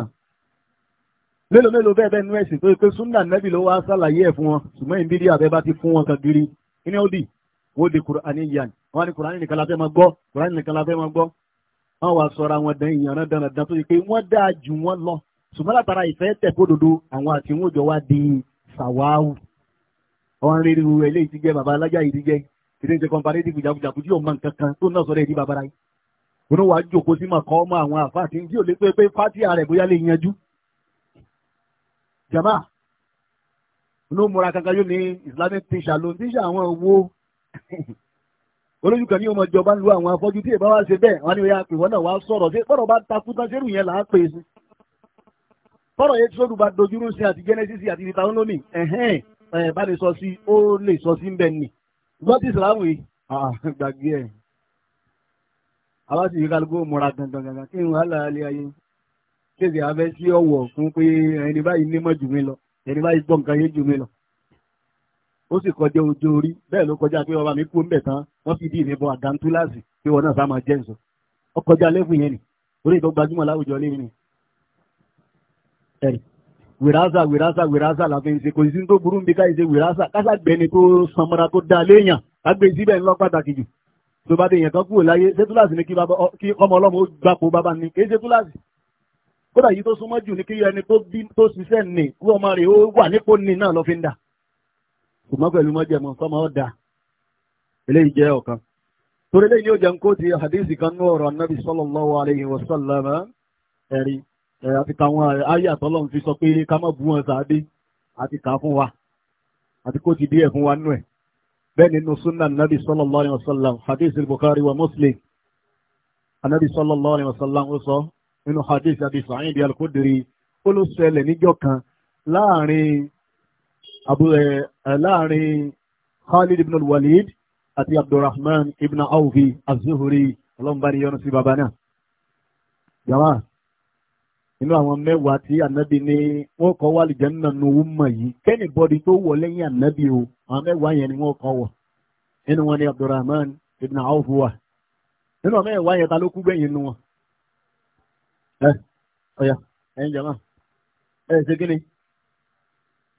mélòó mélòó bẹ́ẹ̀ bẹ́ẹ̀ nú ẹ̀sìn tó pé súnà nẹ́bì ló wá sàlàyé ẹ̀ fún wọn ṣùgbọ́n ìbílí àbẹ́ bá ti fún wọn kan giri kíní ó dì wọ́n di kùránì yan wọ́n ní kùránì nìkan la fẹ́ máa gbọ́ kùránì nìkan la fẹ́ máa gbọ́ wọ́n wá sọra wọn dán ìyànná dandan tó yẹ pé wọ́n dáa jù wọ́n lọ ṣùgbọ́n látara ìfẹ́ tẹ̀ kódodo àwọn àti wọn jọ wá di sàwáwù àwọn arìnrìn eléyìí ti jẹ́ bàbá alájà yìí ti jẹ́ ìdíje comparative jàbùjàbù tí yóò mọ nǹkan kan tó náà sọ òun wàá jókòó sí màkọ́ ọmọ àwọn àfáà tí ń tí ò lè pé pé fátíà rẹ̀ bóyá lè yanjú jama ló múra kankan yóò ní islamic tíṣà ló ń tíṣà àwọn owó olójú kan ní ọmọ ìjọba ń lu àwọn afọ́jú tí ìbá wa ṣe bẹ́ẹ̀ wọn ni ó yà pé wọn náà wá sọ̀rọ̀ sí bọ́dọ̀ bá takú tán ṣerú yẹn là á pè sí bọ́dọ̀ yẹn sọ́dún bá dojúrú sí àti genesis àti ìta ń lónìí ẹ̀hẹ́n ẹ̀ bá lè sọ sí ó lè sọ sí ń bẹ́ẹ̀ ni gbọ́dọ̀ ìsìlámù yìí gbàgbé ẹ̀ àwọn sì kálukú múra gangan gangan kí n wà láàlẹ́ ayé kéde abẹ́ sí ọ̀wọ̀ fún pé ẹni báyìí nímọ̀ jù mí lọ ẹni báyìí gbọ́ nǹkan yé jù mí lọ ó sì kọjá ojú orí bẹ́ẹ̀ ló kọjá pé ọba mi kú mbẹ̀ tán wọ́n fi dìbò ìbọn àdántúláàsì pé wọn náà sá jẹ́ nsọ ó kọjá lẹ́fù yẹn ni orí ìtọ́ gbajúmọ̀ láwùjọ lé ní wìrásà wìrásà wìrásà la fi ń ṣe kò sí tó burú bí káyìí ṣe wìrásà kásà gbẹni tó tó bá dé èèyàn kan kúrò láyé ṣé túláàsì ni kí ọmọ ọlọ́mọ ó gbapò bàbá ni kì í ṣe túláàsì kódà yìí tó súnmọ́ jù ní kí ẹni tó bí tó ṣiṣẹ́ nì kú ọmọ rẹ̀ ó wà nípò nì náà lọ fi ń dà kò mọ́ pẹ̀lú mọ́jẹ̀mọ́ sọmọ ó dà eléyìí jẹ́ ọ̀kan torí eléyìí yóò jẹun kó ti hadisi kan ní ọ̀rọ̀ anábì sallallahu alayhi wa sallam ẹ̀rí àti káwọn ayé àtọ́lọ́run fi sọ pé ká má bu wọn sàádé àti ká fún wa àti kó ti díẹ̀ fún wa nú ẹ̀ bẹ́ẹ̀ nínú súnà nàbí sallallahu alayhi wa sallam hadith al-bukhari wa muslim anabi sallallahu alayhi wa sallam ó sọ nínú hadith abi sa'id al-khudri ó ló ṣẹlẹ̀ níjọ́ kan láàrin láàrin khalid ibn al-walid àti abdulrahman ibn awfi az-zuhri ọlọ́mbàní sí baba náà nínú àwọn mẹ́wàá tí ànábì ní wọ́n kọ́ wà lìjẹ́ nínú owó mọ̀ yìí kẹ́ni tó wọ̀ lẹ́yìn ànábì o àwọn mẹ́wàá yẹn ni wọ́n kọ́ wọ̀ nínú wọn ni Abdurrahman ibn Awf wà nínú àwọn mẹ́wàá yẹn ta ló kú gbẹ̀yìn nínú wọn. ẹ ọ̀yà ẹ̀yin jàmá ẹ̀ ṣe kí ni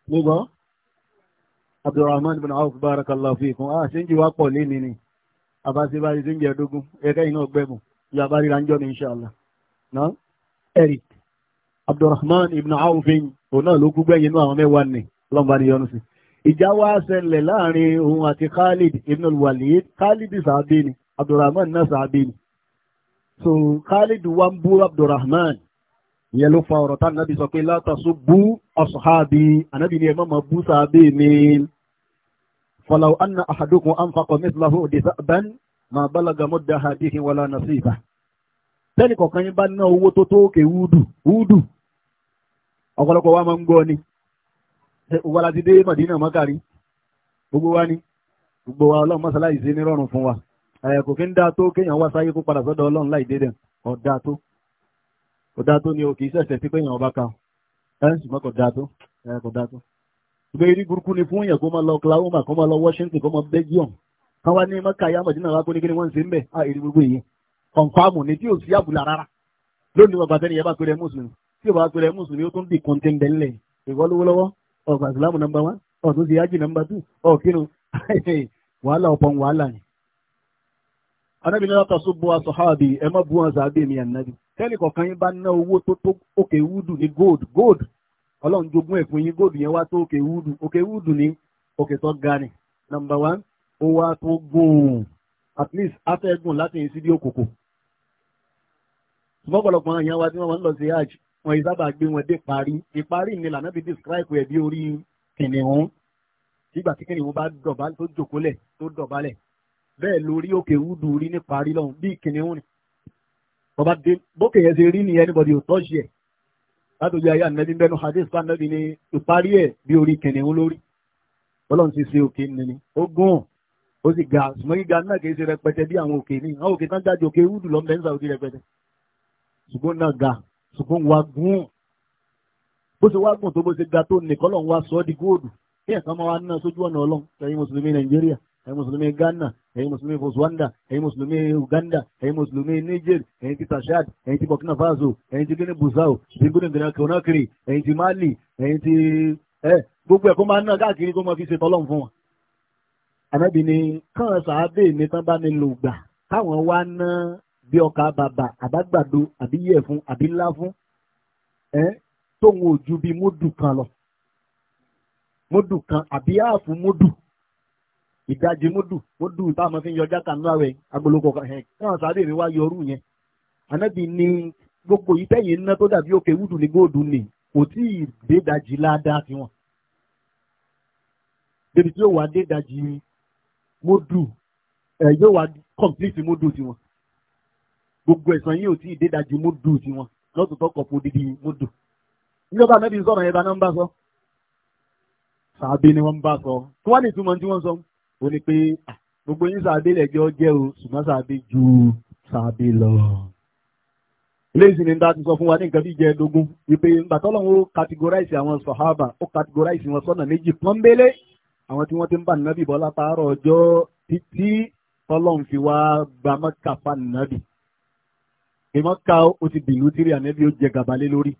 mo gbọ́ Abdurrahman ibn Awf barakallahu fiikum a ah, ṣe ń jìwà pọ̀ lé ni ni àbáṣebáyé ṣe ń jẹ́ ẹ̀dógún ẹ̀kẹ́ iná ọgbẹ́mù yóò abáríra ń abdulrahman ibn awfin òun náà ló kú gbẹ̀yìn inú àwọn mẹ́wàá ni ọlọ́mọba ni yọnu sí ìjà wá ṣẹlẹ̀ láàrin òun àti khalid ibn walid khalid sàábé abdulrahman náà sàábé so khalid wa ń bú abdulrahman ìyẹn ló fa ọ̀rọ̀ tánàbí sọ pé látàṣó bú ọ̀ṣọ́hábí ànábì ni ẹ má máa bú sàábé ni fọláwọ́ anna ahadukum anfaqa mithlahu òdìsá bẹ́ẹ̀ ma balaga mudda hadihi tẹ́nì kọ̀ọ̀kan yín bá ná owó tó tó òkè wúdù wúdù ọ̀pọ̀lọpọ̀ wa máa ń gbọ́ ni wà láti dé Màdínà mọ́kàrí gbogbo wa ni gbogbo wa ọlọ́run mọ́sálásí ṣe ní rọrùn fún wa kò kí ń dáa tó kéèyàn wá sáyé kó padà sọ́dọ̀ ọlọ́run ni o kì í sí ọba kan ẹ̀ ṣùgbọ́n kò dáa tó ẹ̀ kò dáa tó ìgbé irí burúkú ni fún èèyàn kó máa lọ Oklahoma kó máa lọ Washington kó máa Belgium káwa kọ̀ǹfàmù ni tí ò sí àbùlà rárá lónìí bàbá tẹ́ni yẹn bá pèrè mùsùlùmí tí ìbá pèrè mùsùlùmí ó tún di kọ́ńtẹ́ńtẹ́ ńlẹ̀ ìwọ lọ́wọ́lọ́wọ́ ọgbà ìsìlámù nọ́mbà wá ọ̀tún sí ájì nọ́mbà tù ọ̀kínu wàhálà ọ̀pọ̀ wàhálà ni. anábì náà tó sún bu aṣọ hábì ẹ má bu aṣọ àbí mi ànábì tẹ́nì kọ̀ọ̀kan yín bá ná owó tó tó òkè wúdù ní gold gold ọlọ́run jogún ẹ̀ fún yín gold yẹn wá tó òkè wúdù òkè wúdù ní òkè tó ga ni nọ́mbà wá ó wá tó gùn at least afẹ́gùn láti yín sí bí òkòkò ṣùgbọ́pọ̀lọpọ̀ èèyàn wa tí wọ́n lọ sí hajj wọn ìsábà gbé wọn dé parí ìparí ni lànà bí describe ẹ̀ bí orí kìnìún nígbà tí kìnìún bá dọ̀bálẹ̀ tó jòkólẹ̀ tó dọ̀bálẹ̀ bẹ́ẹ̀ lórí òkè wúdù rí ní parí lọ́hùn bí kìnìún ni bọ́ba dé bókè yẹn ṣe rí ni anybody ò tọ́jú ẹ̀ látòjú ayé ànábi bẹ́nu hadith bá ànábi ni ìparí ẹ̀ bí orí kìnìún lórí bọ́lọ́n ti ṣe òkè nìní ó gùn ó sì ga ṣùgbọ́n gíga náà kì í ṣe rẹpẹtẹ bí àwọn òkè ní àwọn òkè tán jáde òkè wúdù lọ́mọdé ń sa rẹpẹtẹ ṣùgbọ́n náà ga ṣùgbọ́n wa gùn bó ṣe wá gùn tó bó ṣe ga tó nìkan lọ́n wa sọ ọ́ di góòdù bí ẹ̀kan máa wá náà sójú ọ̀nà ọlọ́run ẹ̀yin mùsùlùmí nàìjíríà ẹ̀yin mùsùlùmí ghana ẹ̀yin mùsùlùmí botswana ẹ̀yin mùsùlùmí uganda ẹ̀yin mùsùlùmí niger ẹ̀yin ti tashad ẹ̀yin ti burkina faso ẹ̀yin ti guinea bissau ti guinea conakry ẹ̀yin ti mali ẹ̀yin ti ẹ gbogbo ẹ̀kọ́ máa náà káàkiri kó máa fi ṣe tọ́lọ́run fún wa. ànábì ni káwọn sàábè mi bá mi lò gbà káwọn wá ná bí ọkà bàbà àbágbàdo àbí yẹ̀fun àbí ńlá fún ẹ tóun ò ju bí múdù kan lọ múdù kan àbí áàfù múdù ìdajì múdù múdù táwọn fi ń yọjá kanú àwẹ̀ agbolokọ ẹ káwọn sábẹ́ mi wá yọrù yẹn anábì ní gbogbo yìí tẹ̀yìn iná tó dàbí òkè wúdù ní góòdù ni kò tí ì dé dajì ládàá tiwọn débi tí yóò wá dé dajì múdù ẹ yóò wá complete múdù tiwọn gbogbo ẹ̀sán yìí ò tí ì dé dájú múdù tiwọn lọ́tọ̀tọ̀ kọ̀ fún odidi múdù níjọba mẹ́bí sọ̀rọ̀ yẹn bá náà ń bá sọ sàábé ni wọ́n ń bá sọ kí wọ́n lè túmọ̀ tí wọ́n sọ ó ní pé gbogbo yín sàábé lẹ́jọ́ jẹ́ o ṣùgbọ́n sàábé ju sàábé lọ. léèsì ni ta ti sọ fún wa ní nǹkan bí jẹ́ dógún wípé bàtọ́lọ́hún ó categorize àwọn sọ̀hábà ó categorize wọn sọ́nà méjì pọ́nbélé àwọn tí wọ́n ti ń bá nàbì bọ́ látàárọ̀ ọjọ́ títí tọ́lọ́hún fi wá gbàmọ́ kàfà nàbì ìmọ̀ ká ó ti dìlú tírí ànẹ́bí ó jẹ gàbálé lórí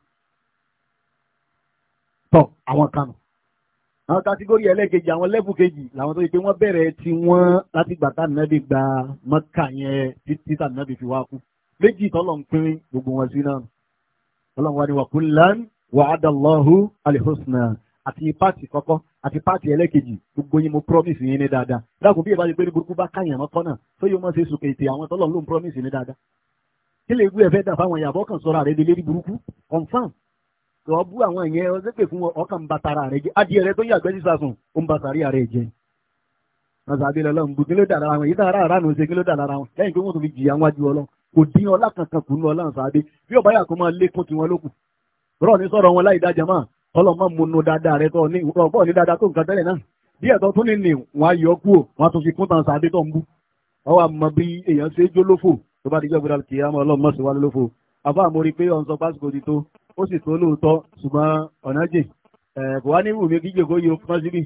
tọ́ àwọn kanu àwọn kàtígórì ẹlẹ́ẹ̀kejì àwọn lẹ́bù kejì làwọn tó yẹ pé wọ́n bẹ̀rẹ̀ tí wọ́n láti gbà tànàbí gba mọ́kà yẹn títí tànàbí fi wá kú méjì tọ́lọ̀ ń pín gbogbo wọn sí náà ọlọ́run wa ni wa kullan wa'ada Allahu al-husna àti pààtì kọ́kọ́ àti pààtì ẹlẹ́kejì gbogbo yín mo promise yín ní dáadáa dákun bí ìbájú pé burúkú bá káyàn mọ́kọ́ náà tó yóò mọ̀ sí sùkè ètè àwọn tọ́lọ̀ ló ń promise ní dáadáa kele lè gbé ẹ̀fẹ́ dà fáwọn ìyàbọ̀ kan sọ́ra rẹ̀ lélẹ́rí burúkú confam ọ bú àwọn ìyẹn ọ̀sẹ̀pẹ̀ fún ọkàn ń tara rẹ̀ jẹ́ adìẹ rẹ̀ tó yàgbẹ́ sí sasùn ó ń ba sàrí rẹ̀ jẹ́ ọ̀sà àbí kí ló dà lára wọn yìí dára kí ló dà lára wọn pé tún fi kò dín ọlá kankan kù bí máa tiwọn lókù ní wọn láì dájà máa tó bá dijọ́ gbéra kì í àmọ́ ọlọ́run mọ̀sí wa lólófo àbá àmórí pé ọ̀n sọ pásítọ̀ ti tó ó sì tó lóòótọ́ ṣùgbọ́n ọ̀nà jì kò wá ní wù mí kíjì kó yí o fún síbí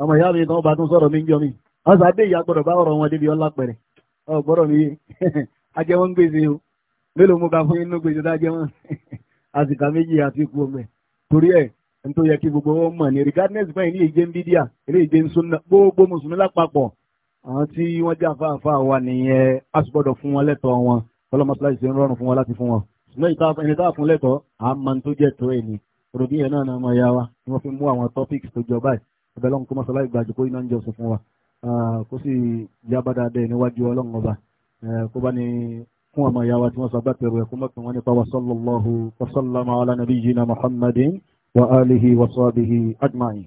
ọmọ ìyá mi tán bá tún sọ̀rọ̀ mi ń jọ mi wọ́n sá dé ìyá gbọ́dọ̀ bá ọ̀rọ̀ wọn débi ọlá pẹ̀rẹ̀ ọ̀gbọ́dọ̀ mi ajẹ́wọ́n gbèsè o mélòó mo ka fún inú gbèsè dájẹ́wọ́n àsìkà méjì àti ikú ọmọ ẹ̀ torí ẹ̀ n tó yẹ kí gbogbo wọn mọ̀ ní regardless báyìí ní èjé ń bídíà eré èjé ń sunna gbogbo mùsùlùmí lápapọ̀ àwọn tí wọ́n jẹ́ àfáàfá wa nìyẹn a sì gbọ́dọ̀ fún wọn lẹ́tọ̀ọ́ wọn ọlọ́mọsíláṣí ṣe ń rọrùn fún wọn láti fún wọn ṣùgbọ́n ìta ẹni tá fún lẹ́tọ̀ọ́ a máa ń tó jẹ́ tó ẹni ròbí yẹn náà ni ọmọ ìyá wa ni wọ́n fi mú àwọn topics tó jọ báyìí ọbẹ̀ lọ́nkọ́ mọ́sálásí gbàjú kó iná ń jọ sọ fún wa kó sì jábá dáadáa níwájú ọlọ́run ọba kó bá ní fún ọmọ ìyá wa tí wọ́n sọgbà pẹ̀rù ẹ̀kú mọ́kàn wọn nípa wa